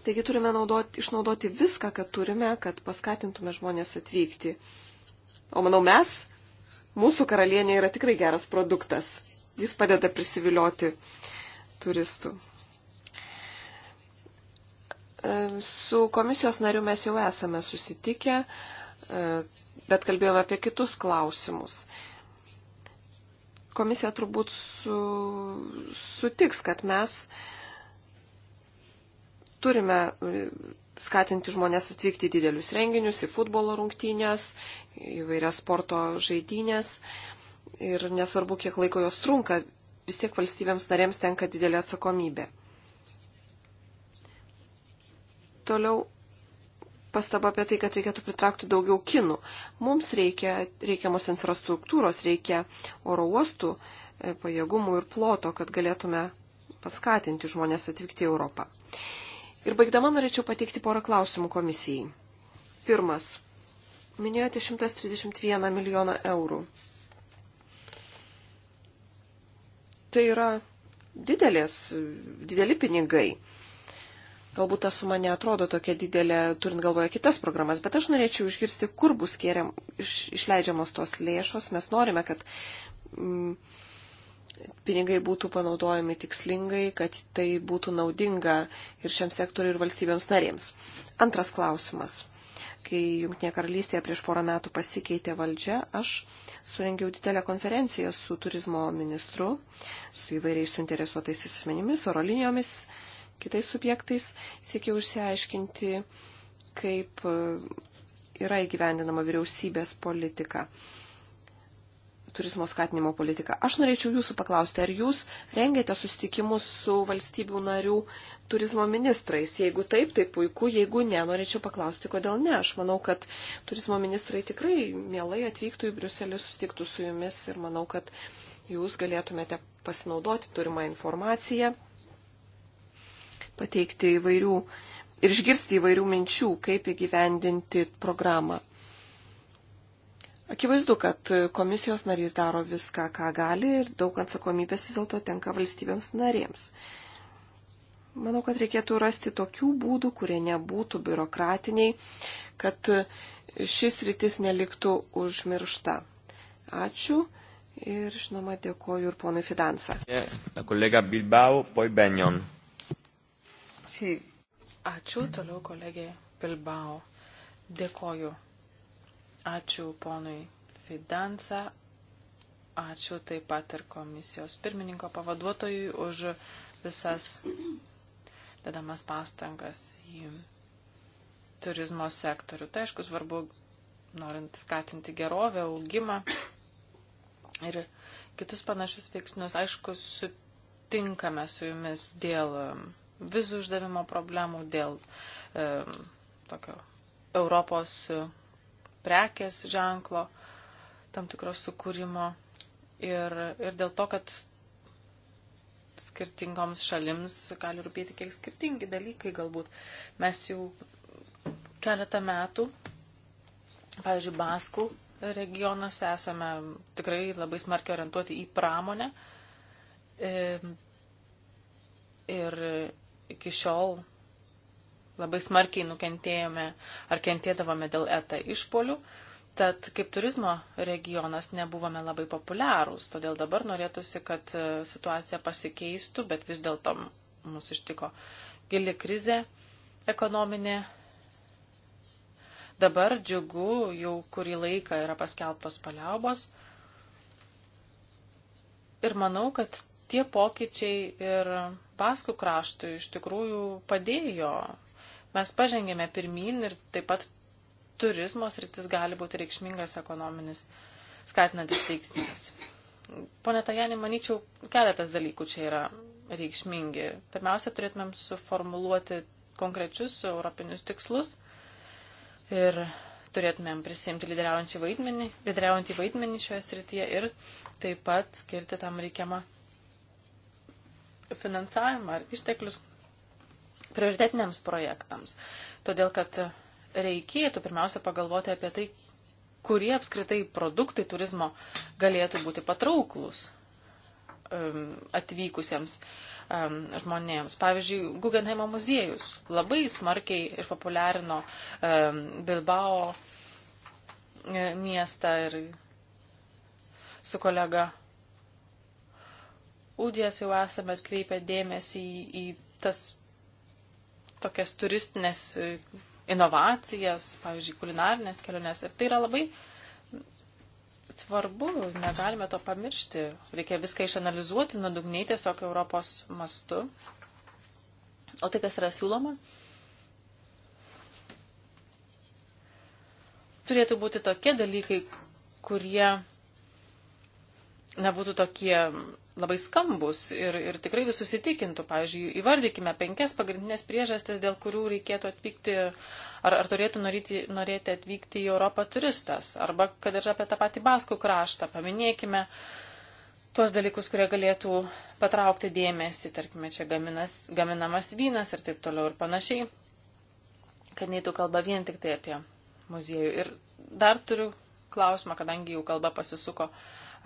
Taigi turime naudoti, išnaudoti viską, kad turime, kad paskatintume žmonės atvykti. O manau, mes, mūsų karalienė yra tikrai geras produktas. Jis padeda prisivilioti turistų. E, su komisijos nariu mes jau esame susitikę, e, bet kalbėjome apie kitus klausimus. Komisija turbūt su, sutiks, kad mes turime e, skatinti žmonės atvykti į didelius renginius, į futbolo rungtynės, įvairias sporto žaidynės. Ir nesvarbu, kiek laiko jos trunka, vis tiek valstybėms narėms tenka didelė atsakomybė. Toliau pastaba apie tai, kad reikėtų pritraukti daugiau kinų. Mums reikia reikiamos infrastruktūros, reikia oro uostų e, pajėgumų ir ploto, kad galėtume paskatinti žmonės atvykti į Europą. Ir baigdama norėčiau pateikti porą klausimų komisijai. Pirmas. Minėjote 131 milijoną eurų. Tai yra didelės, dideli pinigai. Galbūt ta suma netrodo tokia didelė, turint galvoje kitas programas, bet aš norėčiau išgirsti, kur bus kėriam, iš, išleidžiamos tos lėšos. Mes norime, kad mm, pinigai būtų panaudojami tikslingai, kad tai būtų naudinga ir šiam sektoriu, ir valstybėms narėms. Antras klausimas. Kai Junktinė karalystėje prieš porą metų pasikeitė valdžia, aš surengiau didelę konferenciją su turizmo ministru, su įvairiais suinteresuotais asmenimis, oro linijomis, kitais subjektais, siekiau išsiaiškinti, kaip e, yra įgyvendinama vyriausybės politika, turizmo skatinimo politika. Aš norėčiau jūsų paklausti, ar jūs rengėte susitikimus su valstybių narių turizmo ministrais? Jeigu taip, tai puiku, jeigu ne, norėčiau paklausti, kodėl ne. Aš manau, kad turizmo ministrai tikrai mielai atvyktų į Briuselį, susitiktų su jumis ir manau, kad jūs galėtumėte pasinaudoti turimą informaciją pateikti įvairių ir išgirsti įvairių minčių, kaip įgyvendinti programą. Akivaizdu, kad komisijos narys daro viską, ką gali ir daug atsakomybės vis dėlto tenka valstybėms narėms. Manau, kad reikėtų rasti tokių būdų, kurie nebūtų biurokratiniai, kad šis rytis neliktų užmiršta. Ačiū ir, žinoma, dėkoju ir ponui Fidansą. Kolega Bilbao, poi Benjon. Sí. Ačiū toliau kolegė Pilbao. Dėkoju. Ačiū ponui Fidansa. Ačiū taip pat ir komisijos pirmininko pavaduotojui už visas dedamas pastangas į turizmo sektorių. Tai aišku svarbu, norint skatinti gerovę, augimą ir kitus panašius veiksnius. Aišku, sutinkame su jumis dėl vizų uždavimo problemų, dėl e, tokio Europos e, prekės ženklo tam tikros sukūrimo ir, ir dėl to, kad skirtingoms šalims gali rūpėti kiek skirtingi dalykai galbūt. Mes jau keletą metų, pavyzdžiui, Baskų regionuose esame tikrai labai smarkiai orientuoti į pramonę. E, ir iki šiol labai smarkiai nukentėjome ar kentėdavome dėl ETA išpolių, tad kaip turizmo regionas nebuvome labai populiarūs, todėl dabar norėtųsi, kad e, situacija pasikeistų, bet vis dėlto mus ištiko gili krizė ekonominė. Dabar džiugu, jau kurį laiką yra paskelbtos paliaubos. Ir manau, kad tie pokyčiai ir Baskų kraštui iš tikrųjų padėjo. Mes pažengėme pirmin ir taip pat turizmo sritis gali būti reikšmingas ekonominis skatinantis veiksnys. Pone Tajani, manyčiau, keletas dalykų čia yra reikšmingi. Pirmiausia, turėtumėm suformuluoti konkrečius europinius tikslus ir turėtumėm prisimti lyderiaujantį vaidmenį, lyderiaujantį vaidmenį šioje srityje ir taip pat skirti tam reikiamą finansavimą ar išteklius prioritetiniams projektams. Todėl, kad reikėtų pirmiausia pagalvoti apie tai, kurie apskritai produktai turizmo galėtų būti patrauklus um, atvykusiems um, žmonėms. Pavyzdžiui, Guggenheimo muziejus labai smarkiai išpopuliarino um, Bilbao e, miestą ir su kolega Udijas jau esame atkreipę dėmesį į, į tas tokias turistinės e, inovacijas, pavyzdžiui, kulinarinės keliones. Ir tai yra labai svarbu, negalime to pamiršti. Reikia viską išanalizuoti, nuodugniai tiesiog Europos mastu. O tai, kas yra siūloma, turėtų būti tokie dalykai, kurie nebūtų tokie labai skambus ir, ir tikrai visus įtikintų. Pavyzdžiui, įvardykime penkias pagrindinės priežastis, dėl kurių reikėtų atvykti ar, ar turėtų norėti, norėti atvykti į Europą turistas. Arba, kad ir apie tą patį Baskų kraštą, paminėkime tuos dalykus, kurie galėtų patraukti dėmesį, tarkime, čia gaminas, gaminamas vynas ir taip toliau ir panašiai, kad neįtų kalba vien tik tai apie muziejų. Ir dar turiu klausimą, kadangi jau kalba pasisuko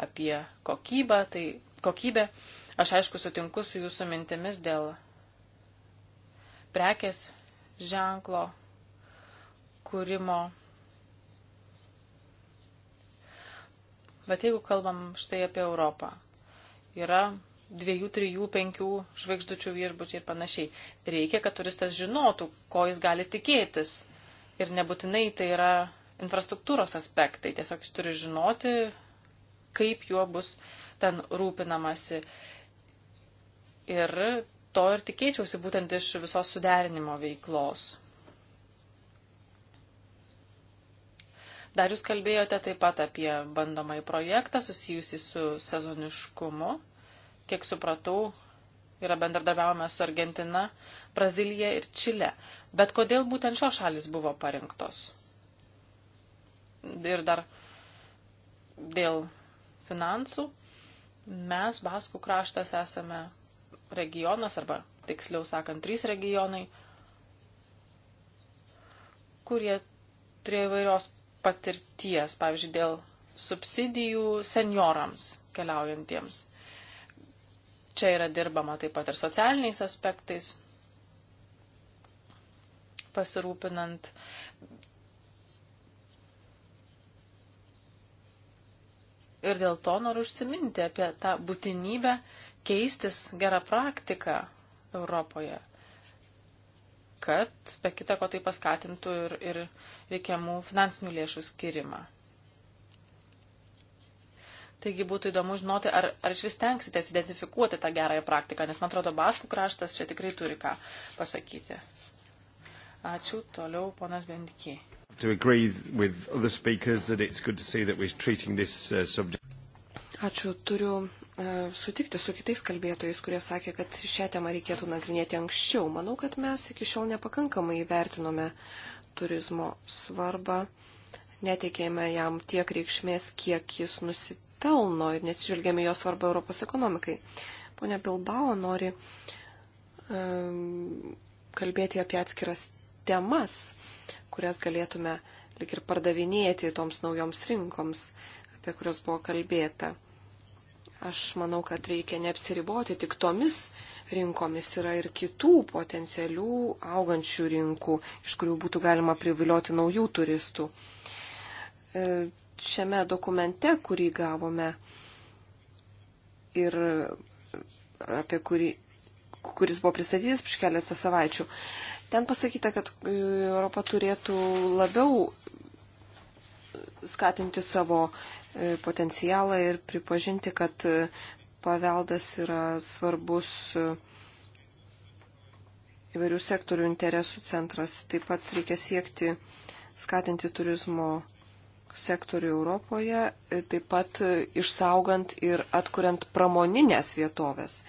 apie kokybą, tai kokybė. Aš aišku sutinku su jūsų mintimis dėl prekės ženklo kūrimo. Bet jeigu kalbam štai apie Europą, yra dviejų, trijų, penkių žvaigždučių viešbučiai ir panašiai. Reikia, kad turistas žinotų, ko jis gali tikėtis. Ir nebūtinai tai yra infrastruktūros aspektai. Tiesiog jis turi žinoti, kaip juo bus ten rūpinamasi. Ir to ir tikėčiausi būtent iš visos suderinimo veiklos. Dar jūs kalbėjote taip pat apie bandomąjį projektą susijusį su sezoniškumu. Kiek supratau, yra bendradarbiavome su Argentina, Brazilija ir Čile. Bet kodėl būtent šios šalis buvo parinktos? Ir dar dėl finansų Mes, Baskų kraštas, esame regionas, arba tiksliau sakant, trys regionai, kurie turėjo įvairios patirties, pavyzdžiui, dėl subsidijų seniorams keliaujantiems. Čia yra dirbama taip pat ir socialiniais aspektais, pasirūpinant Ir dėl to noriu užsiminti apie tą būtinybę keistis gerą praktiką Europoje, kad be kita ko tai paskatintų ir, ir reikiamų finansinių lėšų skirimą. Taigi būtų įdomu žinoti, ar, ar iš vis tenksitės identifikuoti tą gerąją praktiką, nes man atrodo, Baskų kraštas čia tikrai turi ką pasakyti. Ačiū, toliau ponas Bendikiai. To agree with other speakers that it's good to see that we're treating this uh, subject. Ačiū, turiu uh, sutikti su kitais kalbėtojais, kurie sakė, kad šią temą reikėtų nagrinėti anksčiau. Manau, kad mes iki šiol nepakankamai įvertinome turizmo svarbą, neteikėme jam tiek reikšmės, kiek jis nusipelno ir nesižvelgėme jo svarbą Europos ekonomikai. Pone Bilbao nori um, kalbėti apie atskiras temas, kurias galėtume lik ir pardavinėti toms naujoms rinkoms, apie kurios buvo kalbėta. Aš manau, kad reikia neapsiriboti tik tomis rinkomis, yra ir kitų potencialių augančių rinkų, iš kurių būtų galima privilioti naujų turistų. E, šiame dokumente, kurį gavome ir apie kurį, kuris buvo pristatytas prieš keletą savaičių, Ten pasakyta, kad e, Europa turėtų labiau skatinti savo e, potencialą ir pripažinti, kad e, paveldas yra svarbus įvairių sektorių interesų centras. Taip pat reikia siekti skatinti turizmo sektorių Europoje, taip pat išsaugant ir atkuriant pramoninės vietovės.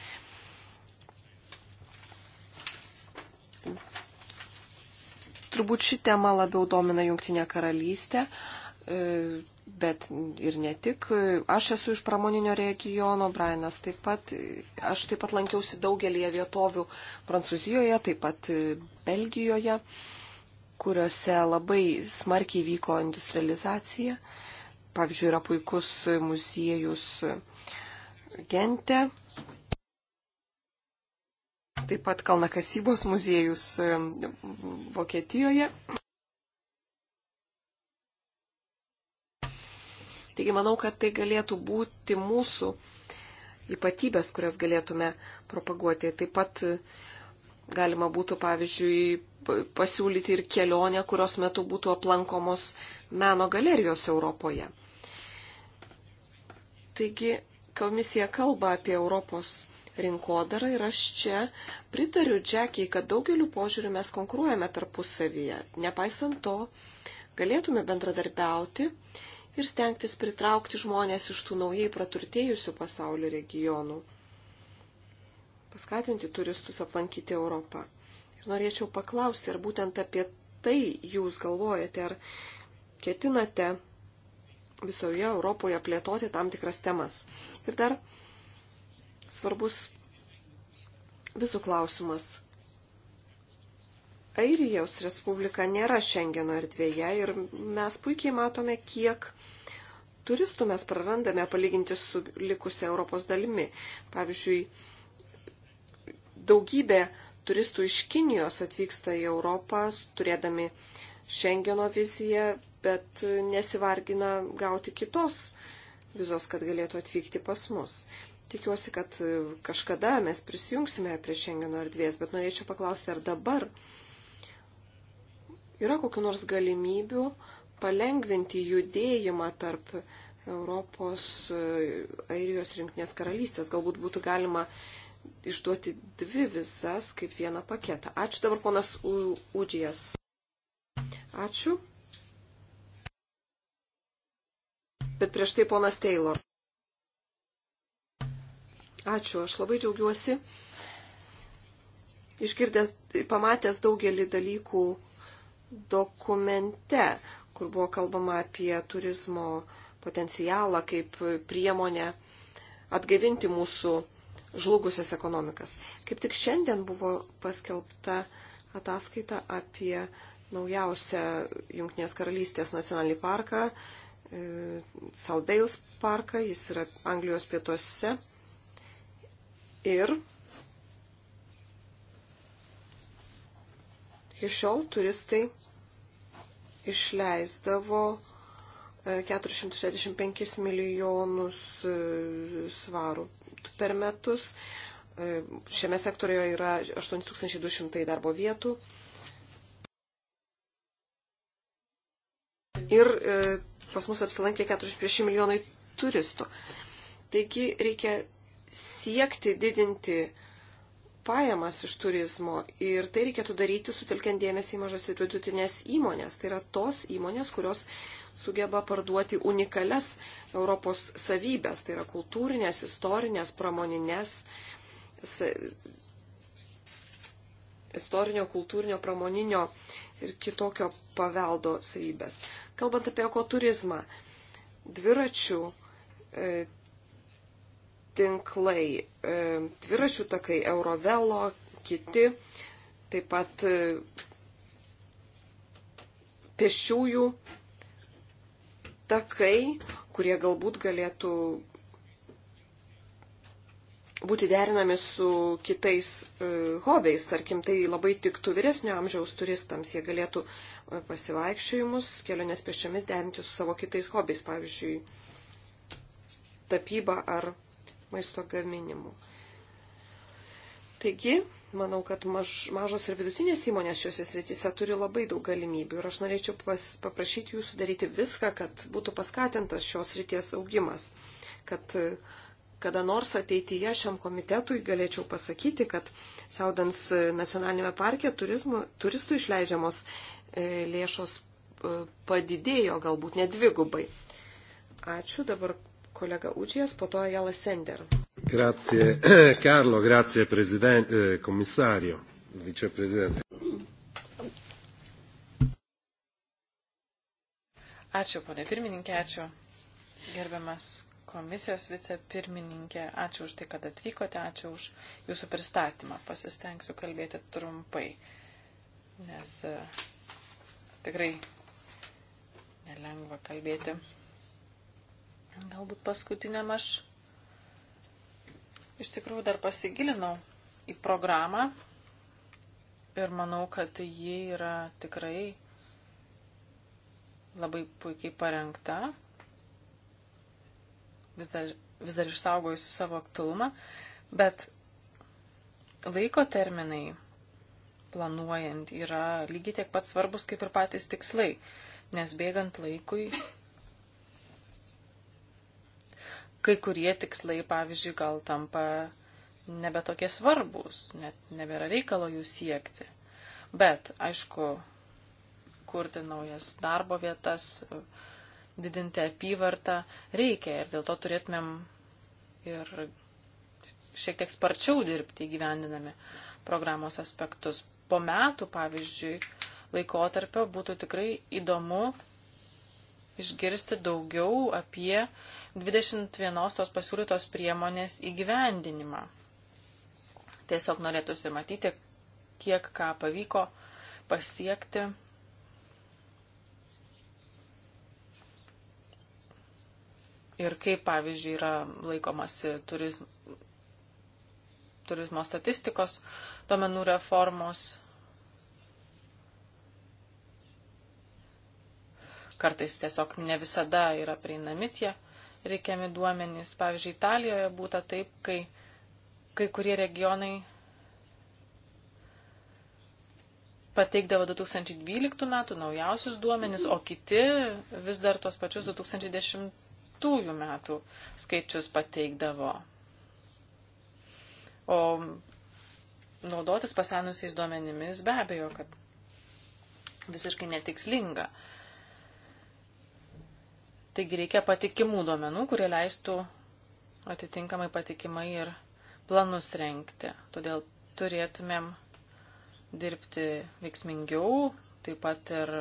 Turbūt ši tema labiau domina Junktinė karalystė, e, bet ir ne tik. Aš esu iš pramoninio regiono, Brianas taip pat. Aš taip pat lankiausi daugelį vietovių Prancūzijoje, taip pat e, Belgijoje, kuriuose labai smarkiai vyko industrializacija. Pavyzdžiui, yra puikus muziejus Gente, taip pat Kalnakasybos muziejus Vokietijoje. Taigi manau, kad tai galėtų būti mūsų ypatybės, kurias galėtume propaguoti. Taip pat galima būtų, pavyzdžiui, pasiūlyti ir kelionę, kurios metu būtų aplankomos meno galerijos Europoje. Taigi komisija kalba apie Europos rinkodarą ir aš čia pritariu Džekiai, kad daugeliu požiūrių mes konkuruojame tarpusavyje. Nepaisant to, galėtume bendradarbiauti ir stengtis pritraukti žmonės iš tų naujai praturtėjusių pasaulio regionų. Paskatinti turistus aplankyti Europą. Ir norėčiau paklausti, ar būtent apie tai jūs galvojate, ar ketinate visoje Europoje plėtoti tam tikras temas. Ir dar svarbus visų klausimas. Airijos Respublika nėra Šengeno erdvėje ir mes puikiai matome, kiek turistų mes prarandame palyginti su likusia Europos dalimi. Pavyzdžiui, daugybė turistų iš Kinijos atvyksta į Europą, turėdami Šengeno viziją, bet nesivargina gauti kitos vizos, kad galėtų atvykti pas mus. Tikiuosi, kad e, kažkada mes prisijungsime prie Šengeno erdvės, bet norėčiau paklausti, ar dabar yra kokiu nors galimybių palengventi judėjimą tarp Europos, e, Airijos ir Junktinės karalystės. Galbūt būtų galima išduoti dvi vizas kaip vieną paketą. Ačiū dabar ponas Udžijas. Ačiū. Bet prieš tai ponas Taylor. Ačiū, aš labai džiaugiuosi. Išgirdęs, pamatęs daugelį dalykų dokumente, kur buvo kalbama apie turizmo potencialą kaip priemonę atgaivinti mūsų žlugusias ekonomikas. Kaip tik šiandien buvo paskelbta ataskaita apie naujausią Junktinės karalystės nacionalinį parką, e, Saldales parką, jis yra Anglijos pietuose ir iki šiol turistai išleisdavo 465 e, milijonus e, svarų per metus. E, šiame sektorijoje yra 8200 darbo vietų. Ir pas mus apsilankė 450 milijonai turistų. Taigi reikia siekti didinti pajamas iš turizmo ir tai reikėtų daryti sutelkiant dėmesį į mažas ir vidutinės įmonės. Tai yra tos įmonės, kurios sugeba parduoti unikales Europos savybės, tai yra kultūrinės, istorinės, pramoninės, istorinio, kultūrinio, pramoninio ir kitokio paveldo savybės. Kalbant apie ekoturizmą, dviračių e, tinklai, e, dviračių takai, Eurovelo, kiti, taip pat e, pešiųjų takai, kurie galbūt galėtų būti derinami su kitais e, hobiais. Tarkim, tai labai tiktų vyresnio amžiaus turistams. Jie galėtų pasivaikščiojimus, keliones pešiomis derinti su savo kitais hobiais, pavyzdžiui, tapyba ar maisto gaminimu. Taigi, manau, kad maž, mažos ir vidutinės įmonės šiuose srityse turi labai daug galimybių ir aš norėčiau pas, paprašyti jūsų daryti viską, kad būtų paskatintas šios srities augimas, kad kada nors ateityje šiam komitetui galėčiau pasakyti, kad Saudans nacionalinėme parke turizmu, turistų išleidžiamos e, lėšos e, padidėjo galbūt net dvigubai. Ačiū, dabar kolega Učijas, po to Jala Sender. Grazie, Karlo, grazie, prezident, komisario, eh, viceprezidentė. Ačiū, ponė pirmininkė, ačiū. Gerbiamas komisijos vicepirmininkė, ačiū už tai, kad atvykote, ačiū už jūsų pristatymą. Pasistengsiu kalbėti trumpai, nes e, tikrai nelengva kalbėti Galbūt paskutiniam aš iš tikrųjų dar pasigilinau į programą ir manau, kad ji yra tikrai labai puikiai parengta, vis dar, vis dar išsaugojusi savo aktualumą, bet laiko terminai planuojant yra lygiai tiek pat svarbus kaip ir patys tikslai, nes bėgant laikui kai kurie tikslai, pavyzdžiui, gal tampa nebe tokie svarbus, net nebėra reikalo jų siekti. Bet, aišku, kurti naujas darbo vietas, didinti apyvartą reikia ir dėl to turėtumėm ir šiek tiek sparčiau dirbti įgyvendinami programos aspektus. Po metų, pavyzdžiui, laikotarpio būtų tikrai įdomu išgirsti daugiau apie 21 tos pasiūlytos priemonės įgyvendinimą. Tiesiog norėtųsi matyti, kiek ką pavyko pasiekti. Ir kaip, pavyzdžiui, yra laikomasi turizm, turizmo statistikos, domenų reformos kartais tiesiog ne visada yra prieinami tie reikiami duomenys. Pavyzdžiui, Italijoje būta taip, kai kai kurie regionai pateikdavo 2012 metų naujausius duomenis, o kiti vis dar tuos pačius 2010 metų skaičius pateikdavo. O naudotis pasenusiais duomenimis be abejo, kad visiškai netikslinga. Uh, Taigi reikia patikimų duomenų, kurie leistų atitinkamai patikimai ir planus renkti. Todėl turėtumėm dirbti veiksmingiau, taip pat ir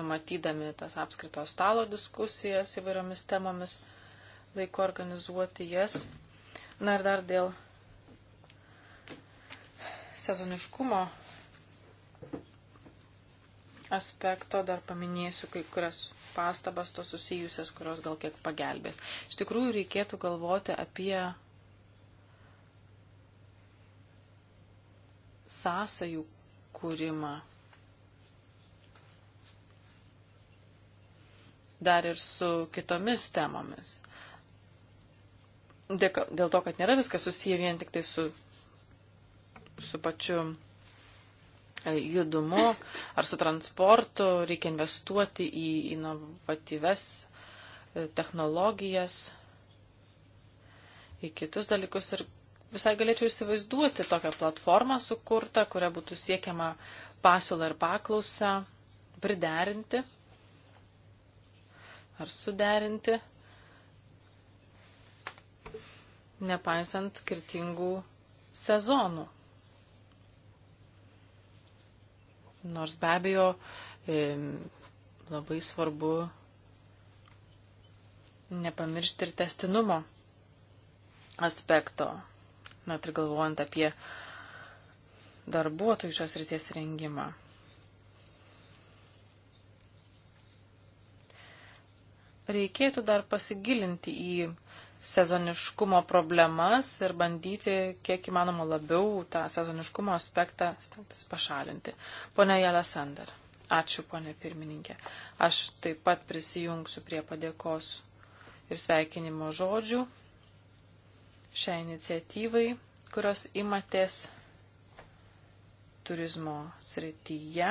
numatydami tas apskrito stalo diskusijas įvairiomis temomis, laiko organizuoti jas. Na ir dar dėl sezoniškumo aspekto dar paminėsiu kai kurias pastabas to susijusias, kurios gal kiek pagelbės. Iš tikrųjų, reikėtų galvoti apie sąsajų kūrimą. Dar ir su kitomis temomis. Dėl to, kad nėra viskas susiję vien tik tai su, su pačiu E, judumu ar su transportu, reikia investuoti į inovatyves e, technologijas, į kitus dalykus ir visai galėčiau įsivaizduoti tokią platformą sukurtą, kuria būtų siekiama pasiūlą ir paklausą priderinti ar suderinti, nepaisant skirtingų sezonų. Nors be abejo labai svarbu nepamiršti ir testinumo aspekto, net ir galvojant apie darbuotojų šios ryties rengimą. Reikėtų dar pasigilinti į sezoniškumo problemas ir bandyti kiek įmanoma labiau tą sezoniškumo aspektą stengtis pašalinti. Pone Jelasander, ačiū ponė pirmininkė. Aš taip pat prisijungsiu prie padėkos ir sveikinimo žodžių šiai iniciatyvai, kurios imatės turizmo srityje.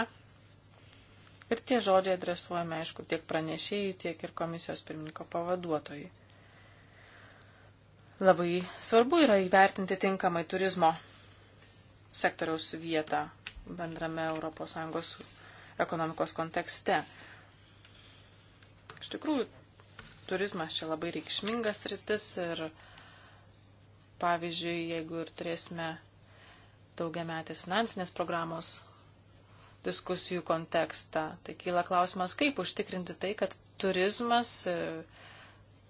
Ir tie žodžiai adresuojame, aišku, tiek pranešėjai, tiek ir komisijos pirmininko pavaduotojai. Labai svarbu yra įvertinti tinkamai turizmo sektoriaus vietą bendrame ES ekonomikos kontekste. Iš tikrųjų, turizmas čia labai reikšmingas rytis ir pavyzdžiui, jeigu ir turėsime daugiametės finansinės programos diskusijų kontekstą, tai kyla klausimas, kaip užtikrinti tai, kad turizmas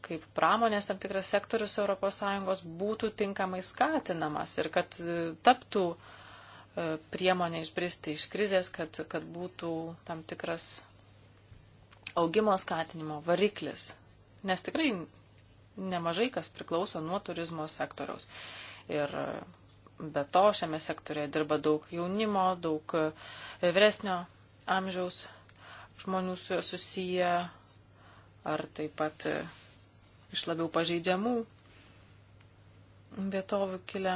kaip pramonės tam tikras sektorius ES būtų tinkamai skatinamas ir kad e, taptų e, priemonė išbristi iš krizės, kad, kad būtų tam tikras augimo skatinimo variklis. Nes tikrai nemažai kas priklauso nuo turizmo sektoriaus. Ir e, be to šiame sektorėje dirba daug jaunimo, daug vyresnio amžiaus žmonių su juo susiję, ar taip pat iš labiau pažeidžiamų vietovių kilę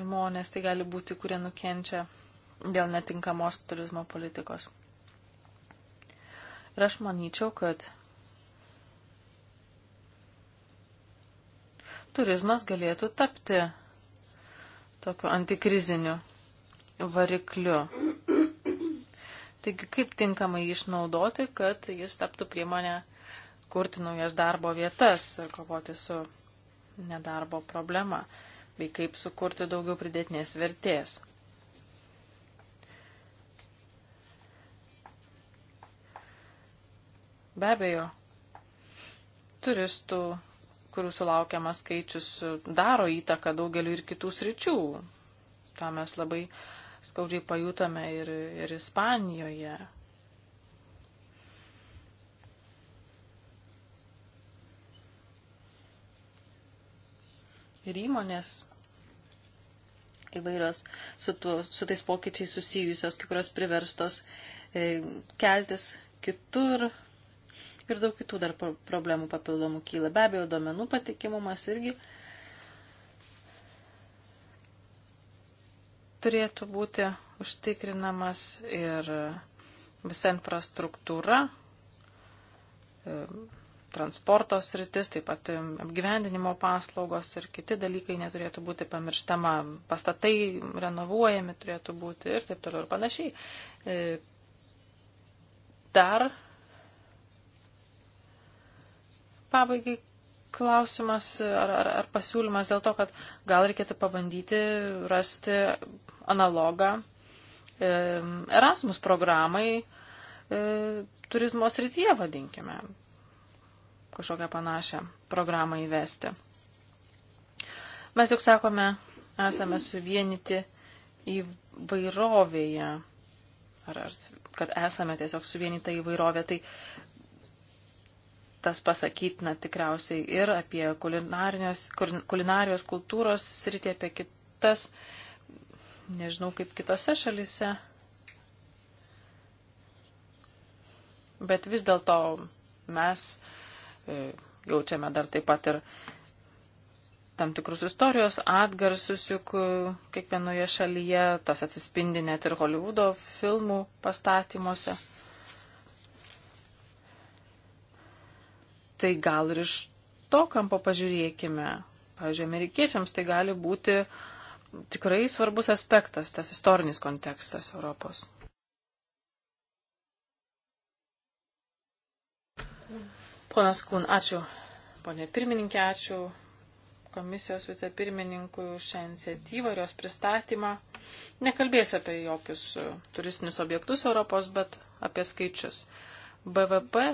žmonės, tai gali būti, kurie nukenčia dėl netinkamos turizmo politikos. Ir aš manyčiau, kad turizmas galėtų tapti tokiu antikriziniu varikliu. Taigi kaip tinkamai išnaudoti, kad jis taptų priemonę kurti naujas darbo vietas ir kovoti su nedarbo problema, bei kaip sukurti daugiau pridėtinės vertės. Be abejo, turistų, kurių sulaukiamas skaičius, daro įtaką daugeliu ir kitų sričių. Tą mes labai uh, skaudžiai pajutome ir, ir Ispanijoje. Ir įmonės įvairios su, tuo, su tais pokyčiais susijusios, kai kurios priverstos e, keltis kitur ir daug kitų dar problemų papildomų kyla. Be abejo, duomenų patikimumas irgi e, turėtų būti užtikrinamas ir visa infrastruktūra, e, transporto sritis, taip pat apgyvendinimo paslaugos ir kiti dalykai neturėtų būti pamirštama. Pastatai renovuojami turėtų būti ir taip toliau ir panašiai. E, dar pabaigai klausimas ar, ar, ar pasiūlymas dėl to, kad gal reikėtų pabandyti rasti analogą Erasmus programai e, turizmo srityje, vadinkime, kažkokią panašią programą įvesti. Mes juk sakome, esame suvienyti įvairovėje, ar, ar kad esame tiesiog suvienyta įvairovė, tai tas pasakytina tikriausiai ir apie kulinarijos kultūros sritį, apie kitas, nežinau kaip kitose šalise. Bet vis dėlto mes e, jaučiame dar taip pat ir tam tikrus istorijos atgarsus, juk e, kiekvienoje šalyje tas atsispindi net ir Hollywoodo filmų pastatymuose. Tai gal ir iš to kampo pažiūrėkime. Pavyzdžiui, amerikiečiams tai gali būti tikrai svarbus aspektas, tas istorinis kontekstas Europos. Ponas Kūn, ačiū. Pone pirmininkė, ačiū komisijos vicepirmininkui už šią iniciatyvą ir jos pristatymą. Nekalbėsiu apie jokius turistinius objektus Europos, bet apie skaičius. BVP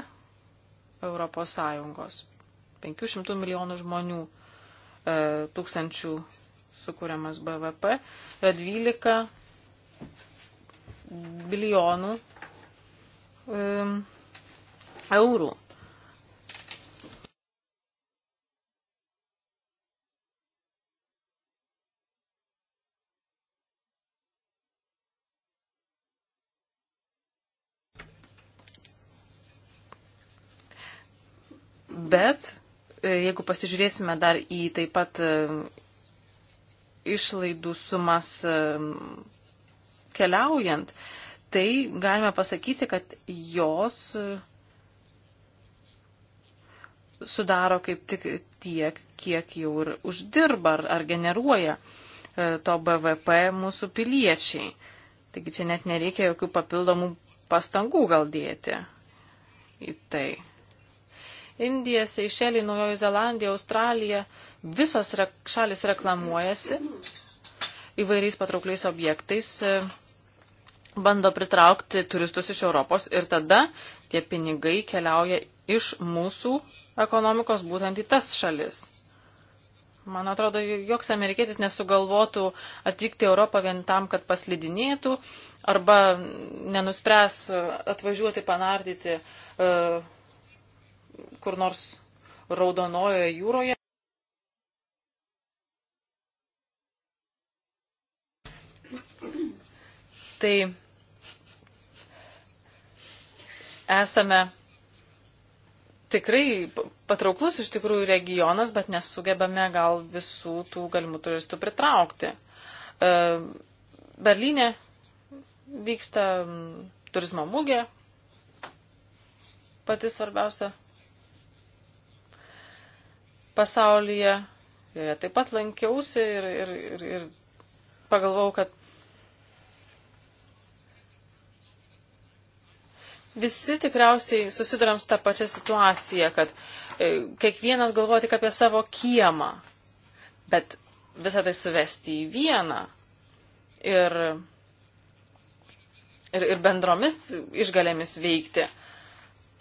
Europos Sąjungos. 500 milijonų žmonių e, tūkstančių sukūriamas BVP e, yra 12 bilijonų e, eurų. Bet e, jeigu pasižiūrėsime dar į taip pat e, išlaidų sumas e, keliaujant, tai galime pasakyti, kad jos sudaro kaip tik tiek, kiek jau ir uždirba ar, ar generuoja to BVP mūsų piliečiai. Taigi čia net nereikia jokių papildomų pastangų gal dėti į tai. Indija, Seišeliai, Naujoji Zelandija, Australija, visos re, šalis reklamuojasi įvairiais patraukliais objektais, e, bando pritraukti turistus iš Europos ir tada tie pinigai keliauja iš mūsų ekonomikos būtent į tas šalis. Man atrodo, joks amerikietis nesugalvotų atvykti į Europą vien tam, kad paslidinėtų arba nenuspręs atvažiuoti panardyti uh, kur nors raudonojoje jūroje. Tai esame tikrai patrauklus iš tikrųjų regionas, bet nesugebame gal visų tų galimų turistų pritraukti. E, Berlyne vyksta turizmo mūgė, pati svarbiausia pasaulyje. Joje taip pat lankiausi ir, ir, ir, ir pagalvojau, kad visi tikriausiai susidurėm su tą pačią situaciją, kad e, kiekvienas galvoja tik apie savo kiemą, bet visą tai suvesti į vieną ir, ir, ir bendromis išgalėmis veikti.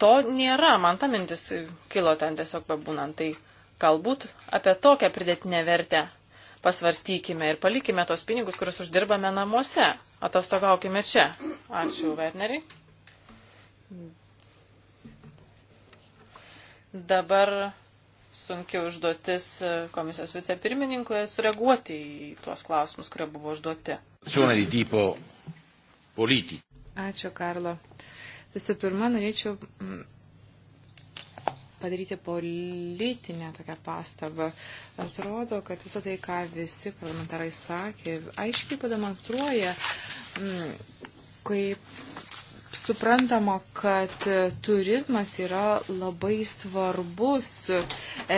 To nėra, man ta mintis kilo ten tiesiog bebūnant. Tai Galbūt apie tokią pridėtinę vertę pasvarstykime ir palikime tos pinigus, kuriuos uždirbame namuose. Atostogaukime čia. Ačiū, Werneri. Dabar sunkia užduotis komisijos vicepirmininkui sureaguoti į tuos klausimus, kurie buvo užduoti. Ačiū, Karlo. Visų pirma, norėčiau mm, padaryti politinę tokią pastabą. Atrodo, kad visą tai, ką visi parlamentarai sakė, aiškiai pademonstruoja, mm, kaip suprantama, kad turizmas yra labai svarbus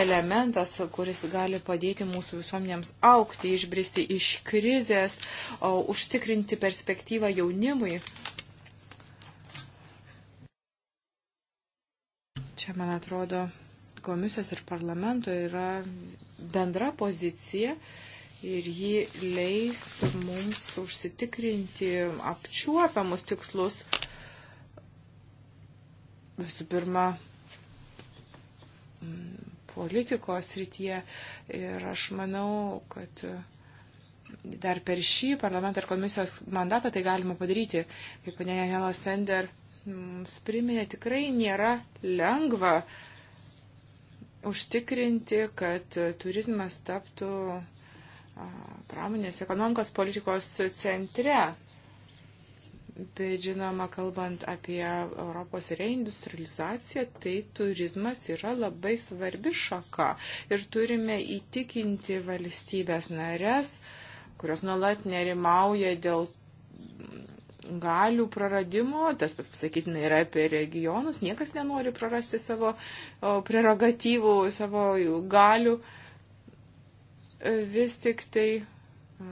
elementas, kuris gali padėti mūsų visuomenėms aukti, išbristi iš krizės, užtikrinti perspektyvą jaunimui. čia, man atrodo, komisijos ir parlamento yra bendra pozicija ir ji leis mums užsitikrinti apčiuopiamus tikslus. Visų pirma, politikos rytyje ir aš manau, kad dar per šį parlamento ir komisijos mandatą tai galima padaryti. Kaip panė Janela Sender mums priminė, tikrai nėra lengva užtikrinti, kad turizmas taptų pramonės ekonomikos politikos centre. Bet žinoma, kalbant apie Europos reindustrializaciją, tai turizmas yra labai svarbi šaka ir turime įtikinti valstybės narės, kurios nuolat nerimauja dėl galių praradimo, tas pats pasakytina yra apie regionus, niekas nenori prarasti savo prerogatyvų, savo galių. E, vis tik tai e,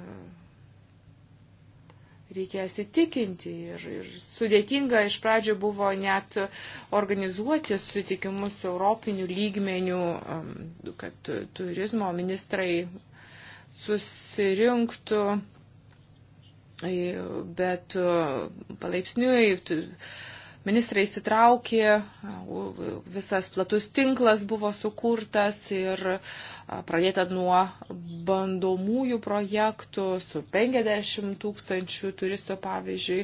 reikia įsitikinti ir, ir sudėtinga iš pradžio buvo net organizuoti sutikimus europinių lygmenių, e, kad turizmo ministrai susirinktų bet e, palaipsniui ministrai įsitraukė, visas platus tinklas buvo sukurtas ir pradėta nuo bandomųjų projektų su 50 tūkstančių turistų pavyzdžiui.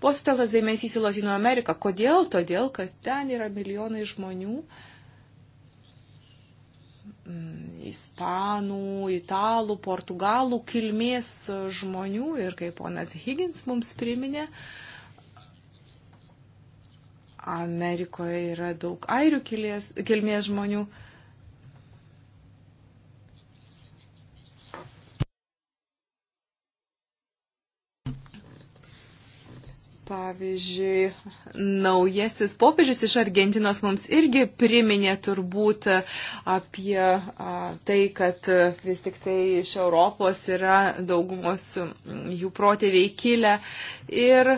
Buvo sutelktas dėmesys į Latino Ameriką. Kodėl? Todėl, kad ten yra milijonai žmonių, Mm, ispanų, italų, portugalų kilmės žmonių ir kaip ponas Higgins mums priminė, Amerikoje yra daug airių kilmės žmonių. Pavyzdžiui, naujasis popiežius iš Argentinos mums irgi priminė turbūt apie tai, kad vis tik tai iš Europos yra daugumos jų protėviai kilę. Ir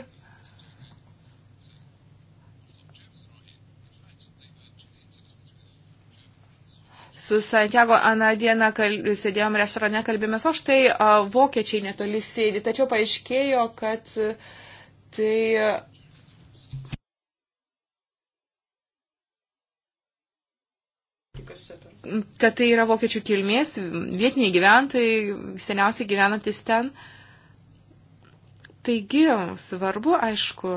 su Santiago aną dieną kal... sėdėjom restorane, kalbėjomės, o štai vokiečiai netoli sėdi. Tačiau paaiškėjo, kad. A, Tai kad tai yra vokiečių kilmės, vietiniai gyventojai, seniausiai gyvenantis ten. Taigi svarbu, aišku,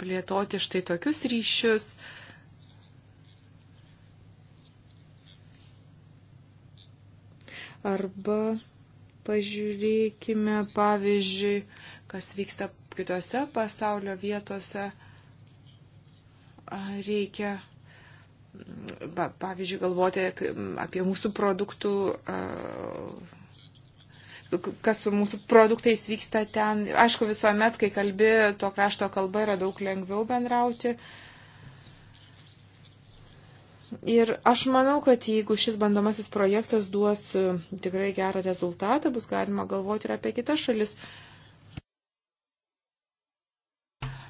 plėtoti štai tokius ryšius. Arba pažiūrėkime, pavyzdžiui, kas vyksta kitose pasaulio vietose reikia, pavyzdžiui, galvoti apie mūsų produktų, kas su mūsų produktais vyksta ten. Aišku, visuomet, kai kalbi to krašto kalba, yra daug lengviau bendrauti. Ir aš manau, kad jeigu šis bandomasis projektas duos tikrai gerą rezultatą, bus galima galvoti ir apie kitas šalis. Uh,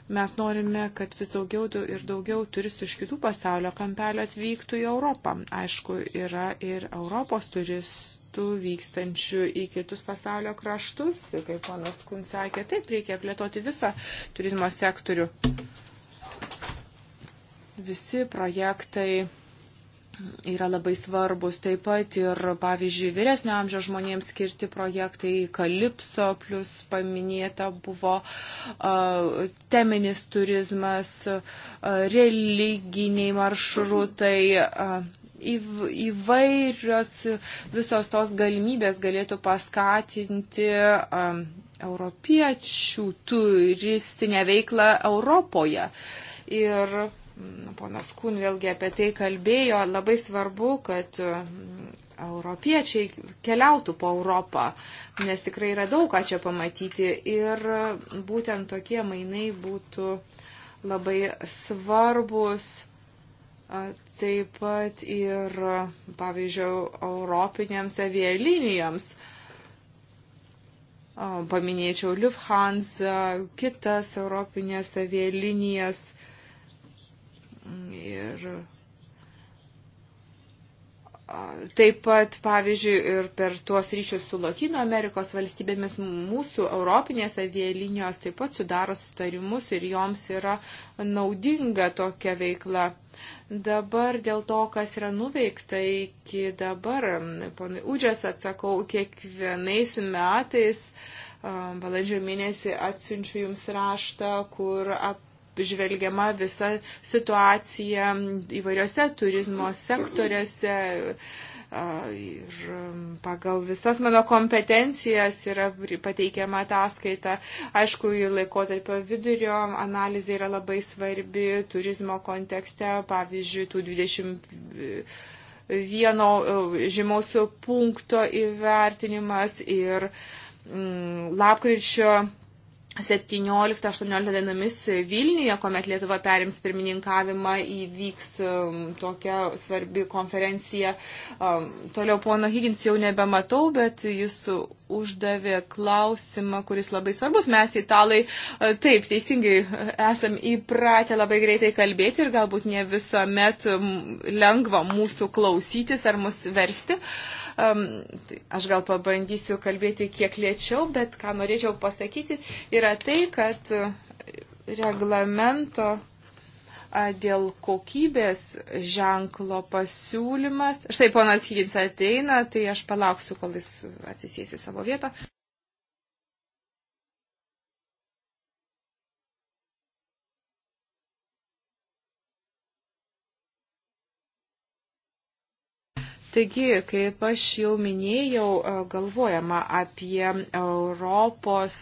Mes norime, kad vis daugiau ir daugiau turistų iš kitų pasaulio kampelio atvyktų į Europą. Aišku, yra ir Europos turistų vykstančių į kitus pasaulio kraštus. Kaip ponas Kun sakė, taip reikia plėtoti visą turizmo sektorių. Visi projektai yra labai svarbus. Taip pat ir, pavyzdžiui, vyresnio amžiaus žmonėms skirti projektai, kalipso, plus paminėta buvo teminis turizmas, religiniai maršrutai. Įvairios visos tos galimybės galėtų paskatinti europiečių turistinę veiklą Europoje. Ir ponas Kun vėlgi apie tai kalbėjo, labai svarbu, kad mm, europiečiai keliautų po Europą, nes tikrai yra daug ką čia pamatyti ir būtent tokie mainai būtų labai svarbus. Taip pat ir, pavyzdžiui, europinėms avialinijoms. Paminėčiau Lufthansa, kitas europinės avialinijas – Ir Taip pat, pavyzdžiui, ir per tuos ryšius su Latino Amerikos valstybėmis mūsų europinės avialinijos taip pat sudaro sutarimus ir joms yra naudinga tokia veikla. Dabar dėl to, kas yra nuveikta iki dabar, ponai Udžias atsakau, kiekvienais metais balandžio mėnesį atsiunčiu jums raštą, kur ap apžvelgiama visa situacija įvairiose turizmo sektoriuose. Ir pagal visas mano kompetencijas yra pateikiama ataskaita. Aišku, laikotarpio vidurio analizė yra labai svarbi turizmo kontekste, pavyzdžiui, tų 20 vieno e, žymaus punkto įvertinimas ir lapkričio 17-18 dienomis Vilniuje, kuomet Lietuva perims pirmininkavimą, įvyks um, tokia svarbi konferencija. Um, toliau pono Higgins jau nebematau, bet jis uždavė klausimą, kuris labai svarbus. Mes italai uh, taip teisingai uh, esam įpratę labai greitai kalbėti ir galbūt ne visuomet um, lengva mūsų klausytis ar mus versti. Uh, Tai aš gal pabandysiu kalbėti kiek lėčiau, bet ką norėčiau pasakyti, yra tai, kad reglamento dėl kokybės ženklo pasiūlymas. Štai ponas Higgins ateina, tai aš palauksiu, kol jis atsisės į savo vietą. Taigi, kaip aš jau minėjau, galvojama apie Europos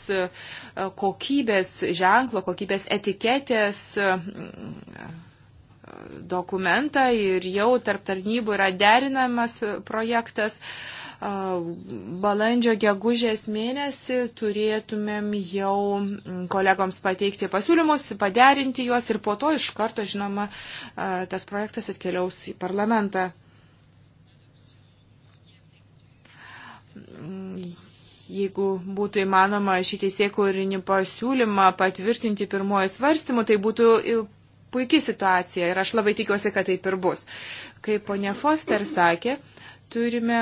kokybės ženklo, kokybės etiketės mm, dokumentą ir jau tarp tarnybų yra derinamas projektas. Balandžio gegužės mėnesį turėtumėm jau mm, kolegoms pateikti pasiūlymus, paderinti juos ir po to iš karto, žinoma, tas projektas atkeliaus į parlamentą. jeigu būtų įmanoma šį teisėkūrinį pasiūlymą patvirtinti pirmojo svarstymu, tai būtų puikia situacija ir aš labai tikiuosi, kad taip ir bus. Kaip ponė Foster sakė, turime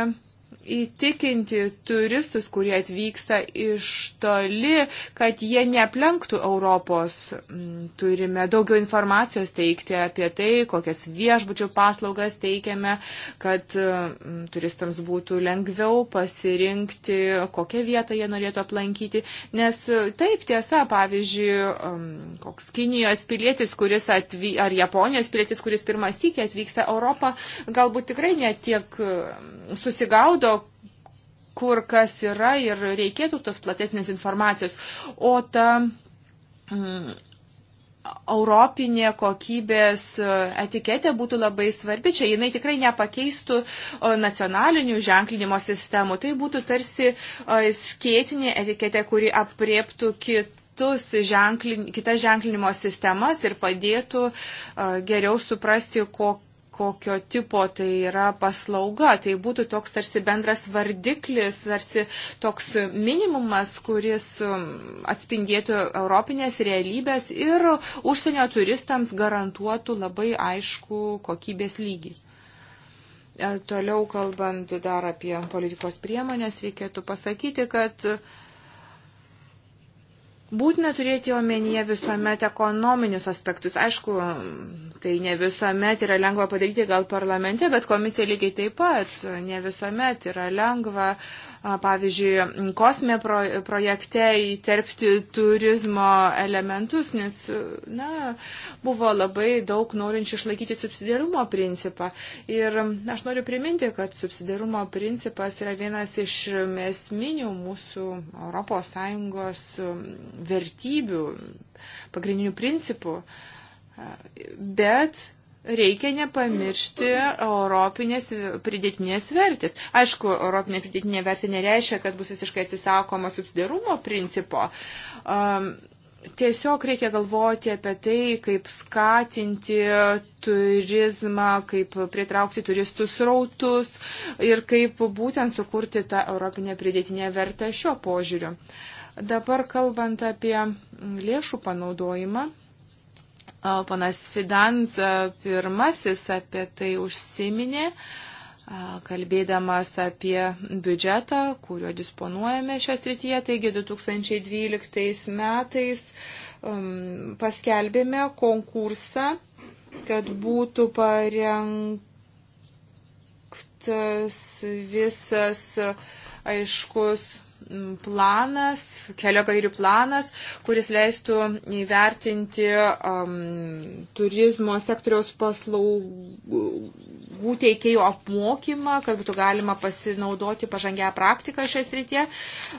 įtikinti turistus, kurie atvyksta iš toli, kad jie neaplenktų Europos. Mm, turime daugiau informacijos teikti apie tai, kokias viešbučių paslaugas teikiame, kad mm, turistams būtų lengviau pasirinkti, kokią vietą jie norėtų aplankyti. Nes taip tiesa, pavyzdžiui, mm, koks Kinijos pilietis, kuris atvy... ar Japonijos pilietis, kuris pirmąjį atvyksta Europą, galbūt tikrai netiek susigaudo, kur kas yra ir reikėtų tos platesnės informacijos. O ta mm, europinė kokybės e, etiketė būtų labai svarbi. Čia jinai tikrai nepakeistų e, nacionalinių ženklinimo sistemų. Tai būtų tarsi e, skėtinė etiketė, kuri apriektų kitą kitus ženklin, kitas ženklinimo sistemas ir padėtų geriau suprasti, kokią kokio tipo tai yra paslauga. Tai būtų toks tarsi bendras vardiklis, tarsi toks minimumas, kuris um, atspindėtų europinės realybės ir užsienio turistams garantuotų labai aišku kokybės lygį. E, toliau kalbant dar apie politikos priemonės, reikėtų pasakyti, kad uh, Būtina turėti omenyje visuomet ekonominius aspektus. Aišku, tai ne visuomet yra lengva padaryti gal parlamente, bet komisija lygiai taip pat ne visuomet yra lengva uh, pavyzdžiui, kosme pro, projekte įterpti turizmo elementus, nes, na, buvo labai daug norinčių išlaikyti subsidiarumo principą. Ir aš noriu priminti, kad subsidiarumo principas yra vienas iš esminių mūsų ES um, vertybių, pagrindinių principų. Bet reikia nepamiršti europinės pridėtinės vertės. Aišku, europinė pridėtinė vertė nereiškia, kad bus visiškai atsisakoma subsidarumo principo. Um, Tiesiog reikia galvoti apie tai, kaip skatinti turizmą, kaip pritraukti turistų srautus ir kaip būtent sukurti tą europinę pridėtinę vertę šio požiūriu. Dabar kalbant apie lėšų panaudojimą, Panas Fidanza pirmasis apie tai užsiminė, kalbėdamas apie biudžetą, kuriuo disponuojame šios rytyje. Taigi 2012 metais um, paskelbėme konkursą, kad būtų parengtas visas aiškus planas, kelio gairių planas, kuris leistų įvertinti um, turizmo sektoriaus paslaugų teikėjų apmokymą, kad būtų galima pasinaudoti pažangę praktiką šią srityje,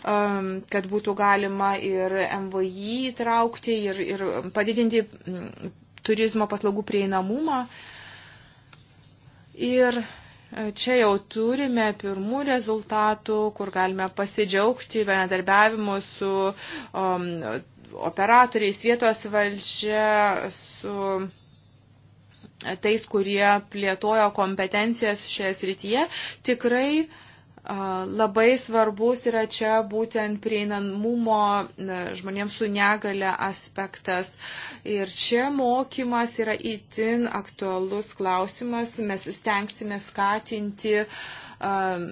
um, kad būtų galima ir MVI įtraukti ir, ir padidinti turizmo paslaugų prieinamumą. Ir Čia jau turime pirmų rezultatų, kur galime pasidžiaugti bendradarbiavimu su um, operatoriais, vietos valdžia, su tais, kurie plėtojo kompetencijas šioje srityje. Tikrai uh, Labai svarbus yra čia būtent prieinamumo žmonėms su negale aspektas. Ir čia mokymas yra įtin aktualus klausimas. Mes stengsime skatinti um,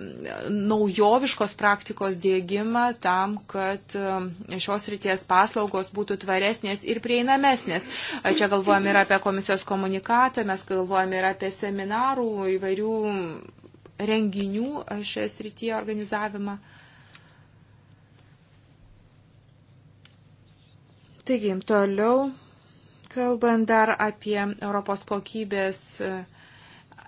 naujoviškos praktikos dėgymą tam, kad um, šios ryties paslaugos būtų tvaresnės ir prieinamesnės. Čia galvojame ir apie komisijos komunikatą, mes galvojame ir apie seminarų įvairių renginių e, šioje srityje organizavimą. Taigi, toliau kalbant dar apie Europos kokybės e,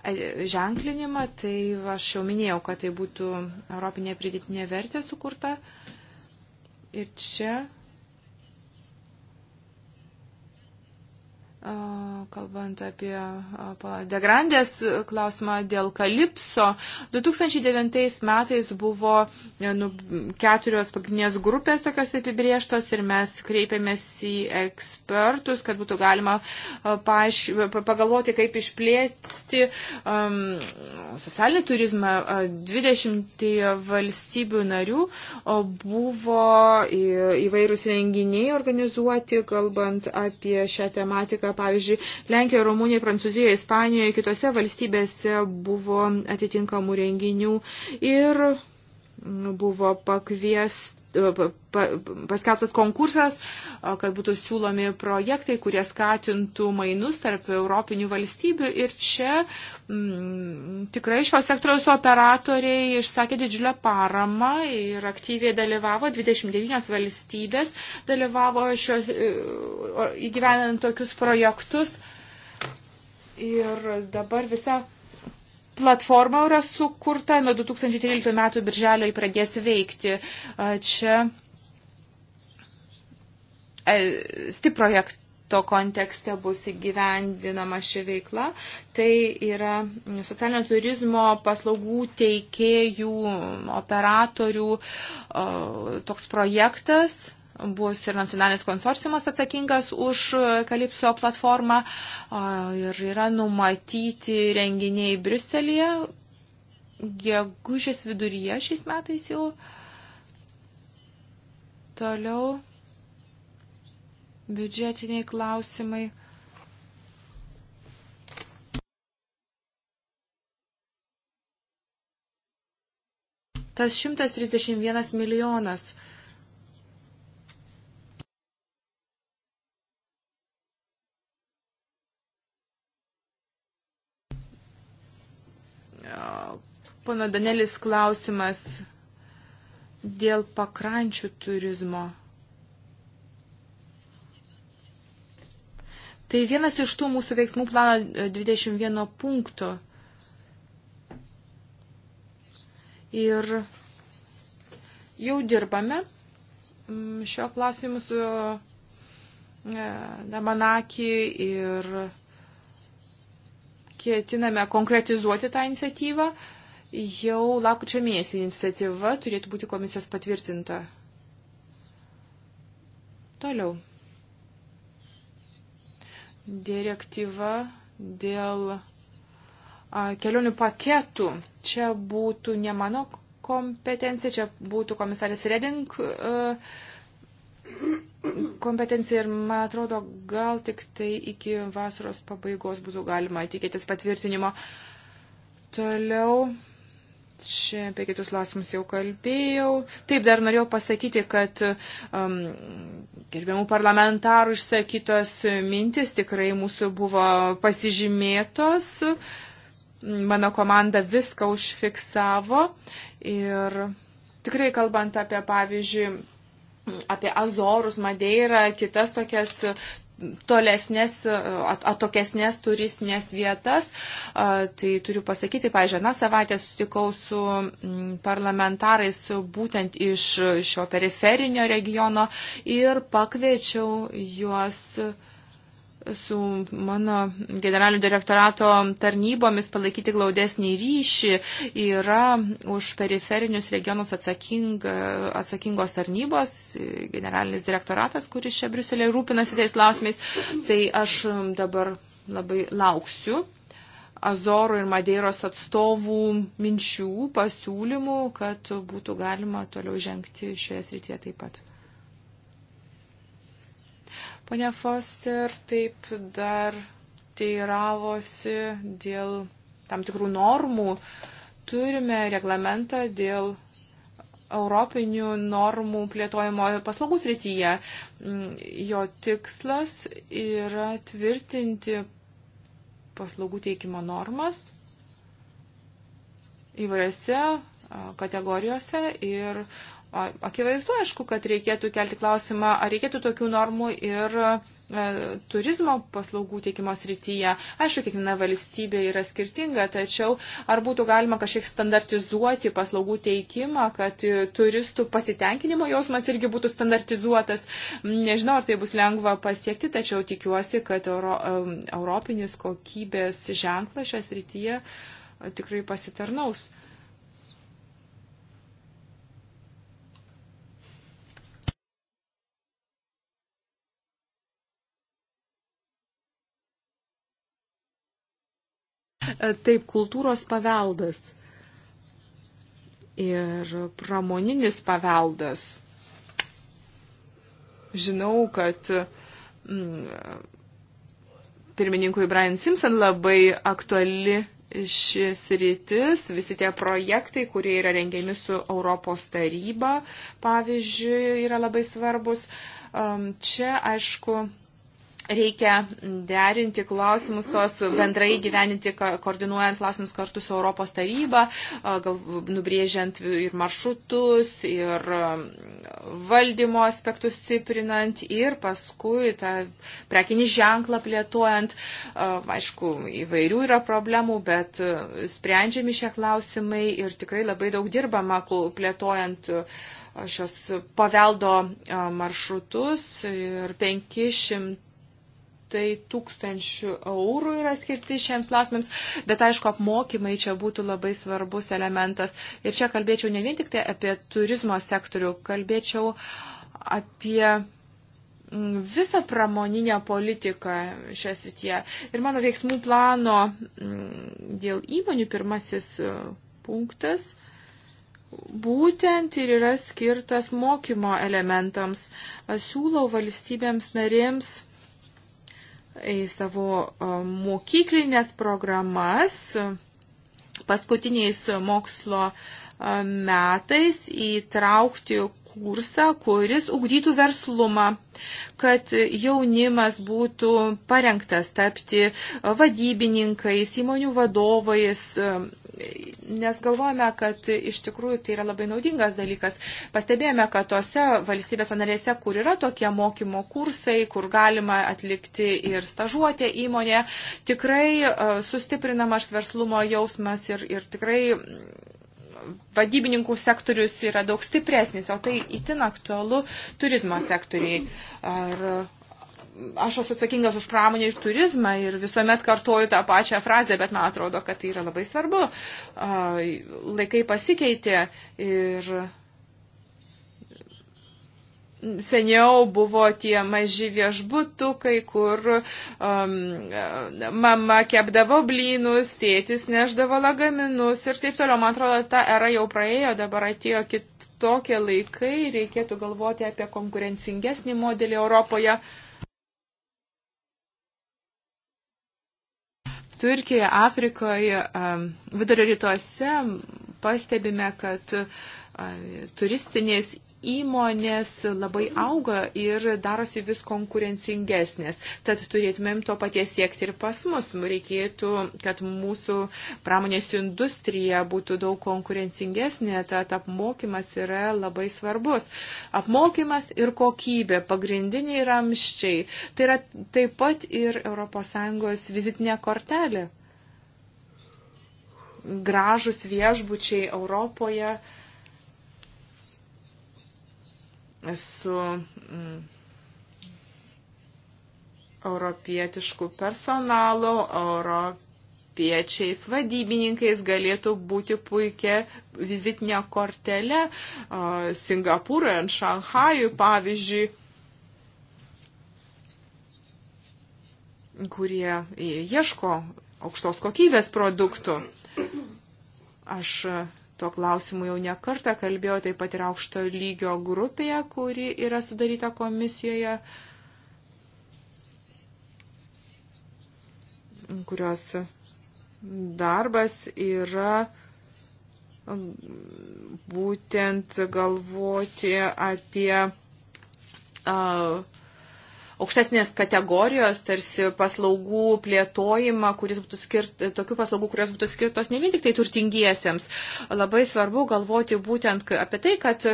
e, ženklinimą, tai aš jau minėjau, kad tai būtų Europinė pridėtinė vertė sukurta. Ir čia kalbant apie Degrandės klausimą dėl Kalipso, 2009 metais buvo e, nu, keturios pagrindinės grupės tokios apibrieštos ir mes kreipėmės į ekspertus, kad būtų galima paaiš, pagalvoti, kaip išplėsti um, socialinį turizmą. 20 valstybių narių buvo įvairūs renginiai organizuoti, kalbant apie šią tematiką Pavyzdžiui, Lenkijoje, Rumunijoje, Prancūzijoje, Ispanijoje, kitose valstybėse buvo atitinkamų renginių ir buvo pakviesta paskelbtas konkursas, kad būtų siūlomi projektai, kurie skatintų mainus tarp europinių valstybių. Ir čia m, mm, tikrai šios sektoriaus operatoriai išsakė didžiulę paramą ir aktyviai dalyvavo. 29 valstybės dalyvavo šio, e, įgyvenant tokius projektus. Ir dabar visa platforma yra sukurta, nuo 2013 metų birželio jį pradės veikti. Čia e, STI projekto kontekste bus įgyvendinama ši veikla. Tai yra socialinio turizmo paslaugų teikėjų, operatorių toks projektas bus ir nacionalinis konsorciumas atsakingas už Kalipso platformą ir yra numatyti renginiai Briuselėje gegužės viduryje šiais metais jau. Toliau biudžetiniai klausimai. Tas 131 milijonas Pono Danelis klausimas dėl pakrančių turizmo. Tai vienas iš tų mūsų veiksmų plano 21 punktų. Ir jau dirbame šio klausimu su e, Damanaki ir ketiname konkretizuoti tą iniciatyvą. Jau lakučio mėnesį iniciatyva turėtų būti komisijos patvirtinta. Toliau. Direktyva dėl kelionių paketų. Čia būtų ne mano kompetencija, čia būtų komisarės Reding kompetencija ir, man atrodo, gal tik tai iki vasaros pabaigos bus galima tikėtis patvirtinimo. Toliau. Čia apie kitus klausimus jau kalbėjau. Taip, dar norėjau pasakyti, kad um, gerbiamų parlamentarų išsakytos mintis tikrai mūsų buvo pasižymėtos. Mano komanda viską užfiksavo. Ir tikrai kalbant apie, pavyzdžiui, apie Azorus, Madeirą, kitas tokias tolesnės, atokesnės turistinės vietas. Tai turiu pasakyti, pažiūrėjau, na savaitę susitikau su parlamentarais būtent iš šio periferinio regiono ir pakviečiau juos su mano generalinio direktorato tarnybomis palaikyti glaudesnį ryšį yra už periferinius regionus atsaking, atsakingos tarnybos, generalinis direktoratas, kuris čia Briuselėje rūpinasi tais klausimais. Tai aš dabar labai lauksiu Azorų ir Madeiros atstovų minčių, pasiūlymų, kad būtų galima toliau žengti šioje srityje taip pat. Pone Foster taip dar teiravosi dėl tam tikrų normų. Turime reglamentą dėl europinių normų plėtojimo paslaugų srityje. Mm, jo tikslas yra tvirtinti paslaugų teikimo normas įvairiose kategorijose ir uh, Akivaizdu, aišku, kad reikėtų kelti klausimą, ar reikėtų tokių normų ir e, turizmo paslaugų teikimo srityje. Aišku, kiekviena valstybė yra skirtinga, tačiau ar būtų galima kažkiek standartizuoti paslaugų teikimą, kad e, turistų pasitenkinimo jausmas irgi būtų standartizuotas. Nežinau, ar tai bus lengva pasiekti, tačiau tikiuosi, kad euro, europinis kokybės ženklas šią srityje e, tikrai pasitarnaus. E, taip, kultūros paveldas ir pramoninis paveldas. Žinau, kad mm, pirmininkui Brian Simpson labai aktuali šis rytis, visi tie projektai, kurie yra rengiami su Europos taryba, pavyzdžiui, yra labai svarbus. Čia, aišku, reikia derinti klausimus, tos bendrai gyveninti, koordinuojant klausimus kartu su Europos taryba, gal, nubrėžiant ir maršrutus, ir valdymo aspektus stiprinant, ir paskui tą prekinį ženklą plėtojant. Aišku, įvairių yra problemų, bet sprendžiami šie klausimai ir tikrai labai daug dirbama plėtojant šios paveldo maršrutus ir 500 šimtai tūkstančių eurų yra skirti šiems klausimams, bet aišku, apmokymai čia būtų labai svarbus elementas. Ir čia kalbėčiau ne vien tik tai apie turizmo sektorių, kalbėčiau apie mm, visą pramoninę politiką šią srityje. Ir mano veiksmų plano mm, dėl įmonių pirmasis e, punktas būtent ir yra skirtas mokymo elementams. Siūlau valstybėms narėms į savo mokyklinės programas paskutiniais mokslo metais įtraukti kursą, kuris ugdytų verslumą, kad jaunimas būtų parengtas tapti vadybininkais, įmonių vadovais, nes galvojame, kad iš tikrųjų tai yra labai naudingas dalykas. Pastebėjome, kad tose valstybės narėse, kur yra tokie mokymo kursai, kur galima atlikti ir stažuotę įmonė, tikrai e, sustiprinamas verslumo jausmas ir, ir tikrai mm, vadybininkų sektorius yra daug stipresnis, o tai itin aktualu turizmo sektoriai. Ar aš esu atsakingas už pramonę ir turizmą ir visuomet kartoju tą pačią frazę, bet man atrodo, kad tai yra labai svarbu. Laikai pasikeitė ir seniau buvo tie maži viešbutukai, kur um, mama kepdavo blynus, tėtis neždavo lagaminus ir taip toliau. Man atrodo, ta era jau praėjo, dabar atėjo kitokie laikai, reikėtų galvoti apie konkurencingesnį modelį Europoje. Uh, Turkijoje, Afrikoje, vidurio rytuose pastebime, kad turistinės įmonės labai auga ir darosi vis konkurencingesnės. Tad turėtumėm to paties siekti ir pas mus. Reikėtų, kad mūsų pramonės industrija būtų daug konkurencingesnė, tad apmokymas yra labai svarbus. Apmokymas ir kokybė - pagrindiniai ramščiai. Tai yra taip pat ir ES vizitinė kortelė. Gražus viešbučiai Europoje su mm, europietišku personalu, europiečiais vadybininkais galėtų būti puikia vizitinė kortelė Singapūrui ant Šanhajui, pavyzdžiui. kurie ieško aukštos kokybės produktų. Aš Tuo klausimu jau nekartą kalbėjau taip pat ir aukšto lygio grupėje, kuri yra sudaryta komisijoje, kurios darbas yra būtent galvoti apie uh, aukštesnės kategorijos, tarsi paslaugų plėtojimą, kuris būtų skirt, tokių paslaugų, kurios būtų skirtos ne vien tik tai turtingiesiems. Labai svarbu galvoti būtent apie tai, kad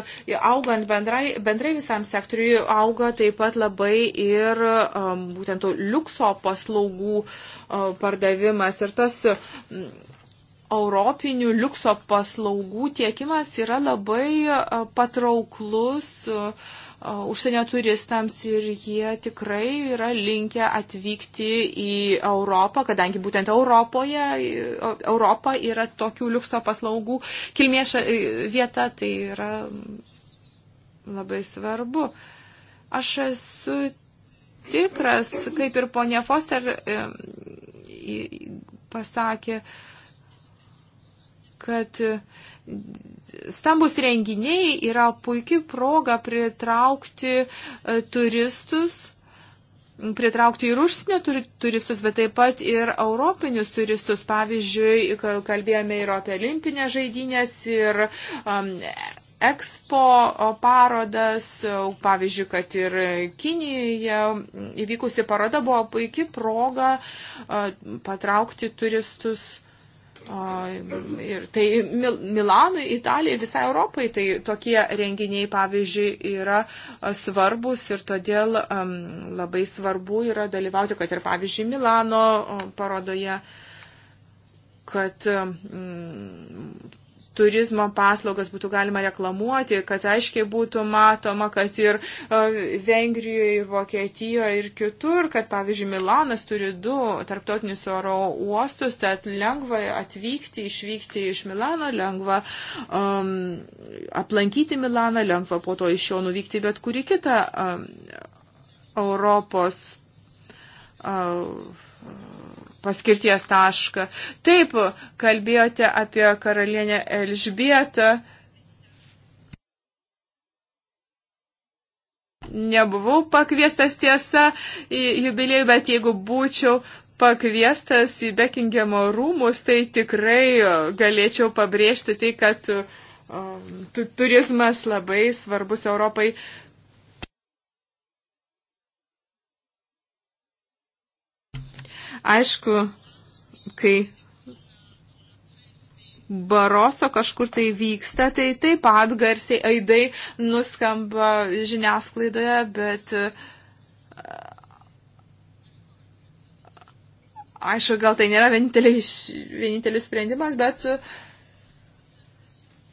augant bendrai, bendrai visam sektoriui auga taip pat labai ir um, būtent liukso paslaugų um, pardavimas ir tas. Um, europinių liukso paslaugų tiekimas yra labai uh, patrauklus uh, užsienio turistams ir jie tikrai yra linkę atvykti į Europą, kadangi būtent Europoje, Europa yra tokių liukso paslaugų kilmės vieta, tai yra labai svarbu. Aš esu tikras, kaip ir ponė Foster e, pasakė, kad stambus renginiai yra puikia proga pritraukti e, turistus pritraukti ir užsienio turistus, bet taip pat ir europinius turistus. Pavyzdžiui, kalbėjome ir apie olimpinės žaidynės ir um, Expo parodas, pavyzdžiui, kad ir Kinijoje įvykusi paroda buvo puikia proga patraukti turistus Ir tai Mil Milanui, Italijai ir visai Europai tai tokie renginiai, pavyzdžiui, yra svarbus ir todėl um, labai svarbu yra dalyvauti, kad ir, pavyzdžiui, Milano parodoje, kad um, turizmo paslaugas būtų galima reklamuoti, kad aiškiai būtų matoma, kad ir e, Vengrijoje, ir Vokietijoje, ir kitur, kad pavyzdžiui Milanas turi du tarptautinius oro uostus, tad lengva atvykti, išvykti iš Milano, lengva um, aplankyti Milaną, lengva po to iš jo nuvykti bet kurį kitą um, Europos. Uh, paskirties tašką. Taip, kalbėjote apie karalienę Elžbietą. Nebuvau pakviestas tiesa į jubiliejų, bet jeigu būčiau pakviestas į Bekingemo rūmus, tai tikrai galėčiau pabrėžti tai, kad um, turizmas labai svarbus Europai Aišku, kai Baroso kažkur tai vyksta, tai taip atgarsiai aidai nuskamba žiniasklaidoje, bet e, aišku, gal tai nėra vienintelis, vienintelis sprendimas, bet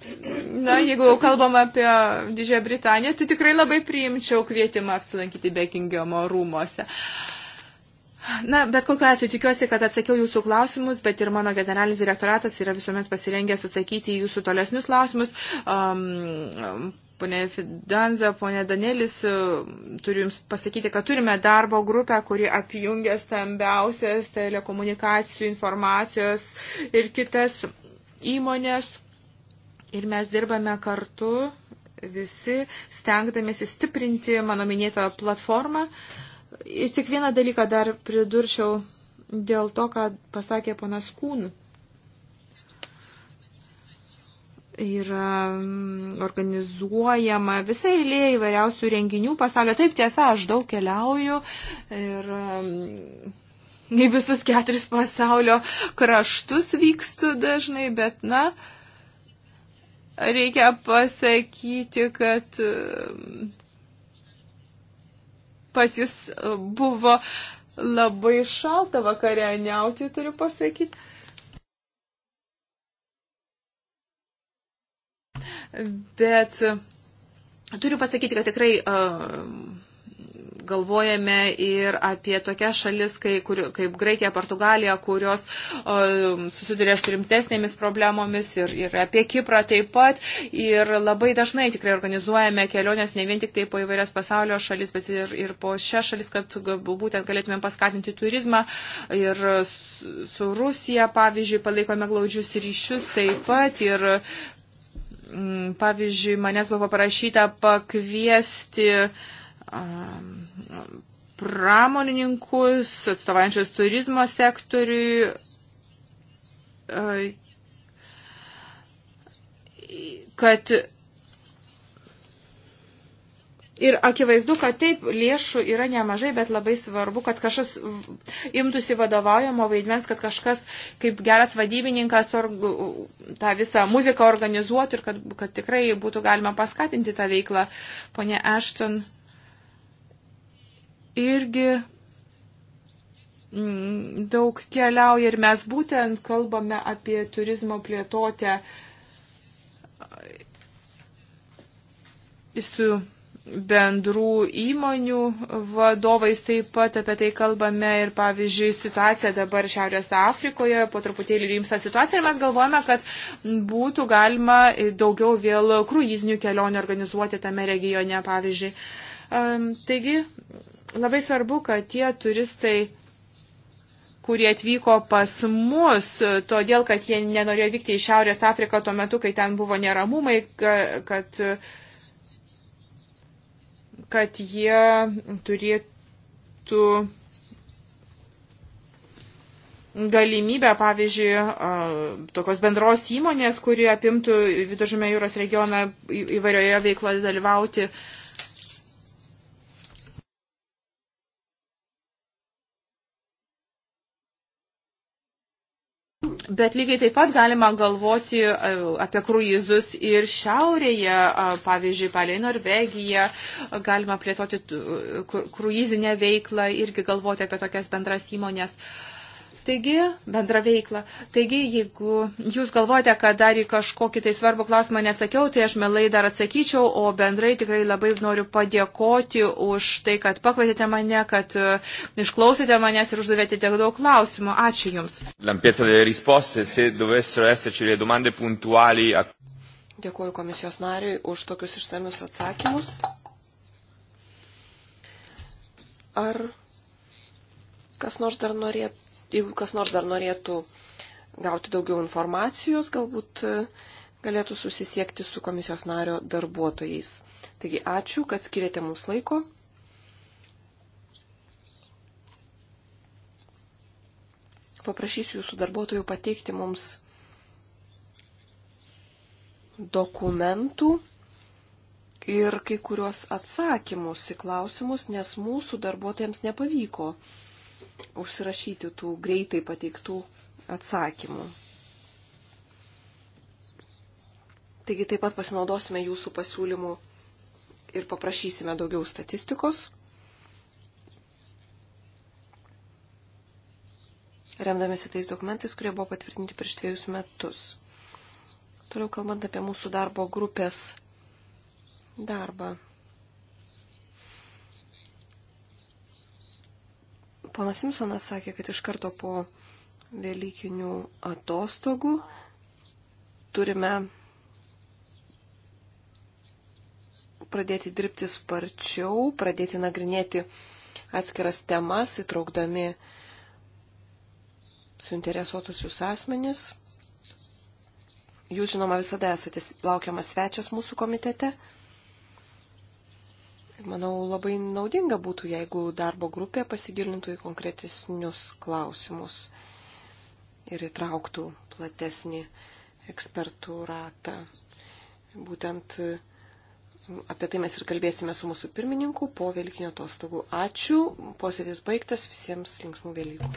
Na, jeigu jau kalbam apie Didžiąją Britaniją, tai tikrai labai priimčiau kvietimą apsilankyti Bekingemo rūmose. Uh, Na, bet kokiu atveju tikiuosi, kad atsakiau jūsų klausimus, bet ir mano generalinis direktoratas yra visuomet pasirengęs atsakyti į jūsų tolesnius klausimus. Um, Pone Fidanza, pone Danelis, turiu Jums pasakyti, kad turime darbo grupę, kuri apjungia stambiausias telekomunikacijų, informacijos ir kitas įmonės. Ir mes dirbame kartu visi, stengdamėsi stiprinti mano minėtą platformą. Uh, Ir tik vieną dalyką dar pridurčiau dėl to, ką pasakė ponas Kūn. Yra mm, organizuojama visai eilė įvairiausių renginių pasaulio. Taip tiesa, aš daug keliauju ir mm, į visus keturis pasaulio kraštus vykstu dažnai, bet na, reikia pasakyti, kad mm, pas jūs e, buvo labai šalta vakarė neauti, turiu pasakyti. Bet turiu pasakyti, kad tikrai uh, galvojame ir apie tokias šalis kai, kur, kaip Graikija, Portugalija, kurios o, susiduria su rimtesnėmis problemomis ir, ir apie Kiprą taip pat. Ir labai dažnai tikrai organizuojame keliones ne vien tik tai po įvairias pasaulio šalis, bet ir, ir po šias šalis, kad būtent galėtumėm paskatinti turizmą. Ir su Rusija, pavyzdžiui, palaikome glaudžius ryšius taip pat. Ir, Pavyzdžiui, manęs buvo parašyta pakviesti uh, pramonininkus, atstovaujančius turizmo sektoriui. Kad Ir akivaizdu, kad taip, lėšų yra nemažai, bet labai svarbu, kad kažkas imtųsi vadovaujamo vaidmens, kad kažkas kaip geras vadybininkas or, tą visą muziką organizuotų ir kad, kad tikrai būtų galima paskatinti tą veiklą. Pone Ashton irgi mm, daug keliauja ir mes būtent kalbame apie turizmo plėtotę e, su bendrų įmonių vadovais taip pat apie tai kalbame ir, pavyzdžiui, situacija dabar Šiaurės Afrikoje, po truputėlį rimsta situacija ir mes galvojame, kad būtų galima daugiau vėl kruizinių kelionių organizuoti tame regione, pavyzdžiui. Taigi Labai svarbu, kad tie turistai kurie atvyko pas mus, todėl kad jie nenorėjo vykti į Šiaurės Afriką tuo metu, kai ten buvo neramumai, kad, kad jie turėtų galimybę, pavyzdžiui, tokios bendros įmonės, kuri apimtų Viduržymė jūros regioną įvairioje veikloje dalyvauti. Uh, Bet lygiai taip pat galima galvoti e, apie kruizus ir šiaurėje, pavyzdžiui, palei Norvegiją, galima plėtoti e, kruizinę veiklą, irgi galvoti apie tokias bendras įmonės. Uh, Taigi, bendra veikla. Taigi, jeigu jūs galvojate, kad dar į kažkokį tai svarbų klausimą neatsakiau, tai aš melai dar atsakyčiau, o bendrai tikrai labai noriu padėkoti už tai, kad pakvietėte mane, kad e, išklausėte manęs ir uždavėte tiek daug klausimų. Ačiū Jums. Dėkuoju komisijos nariui už tokius išsamius atsakymus. Ar kas nors dar norėtų? jeigu kas nors dar norėtų gauti daugiau informacijos, galbūt e, galėtų susisiekti su komisijos nario darbuotojais. Taigi ačiū, kad skirėte mums laiko. Paprašysiu jūsų darbuotojų pateikti mums dokumentų ir kai kuriuos atsakymus į klausimus, nes mūsų darbuotojams nepavyko užsirašyti tų greitai pateiktų atsakymų. Taigi taip pat pasinaudosime jūsų pasiūlymų ir paprašysime daugiau statistikos. Remdamėsi tais dokumentais, kurie buvo patvirtinti prieš dviejus metus. Toliau kalbant apie mūsų darbo grupės darbą. Ponas Simpsonas sakė, kad iš karto po Velykinių atostogų turime pradėti dirbti sparčiau, pradėti nagrinėti atskiras temas, įtraukdami suinteresuotusius asmenis. Jūs, žinoma, visada esate laukiamas svečias mūsų komitete. Manau, labai naudinga būtų, jeigu darbo grupė pasigilintų į konkretesnius klausimus ir įtrauktų platesnį ekspertų ratą. Būtent apie tai mes ir kalbėsime su mūsų pirmininku po Velikinio atostogų. Ačiū, posėdis baigtas, visiems linksmų Velykų.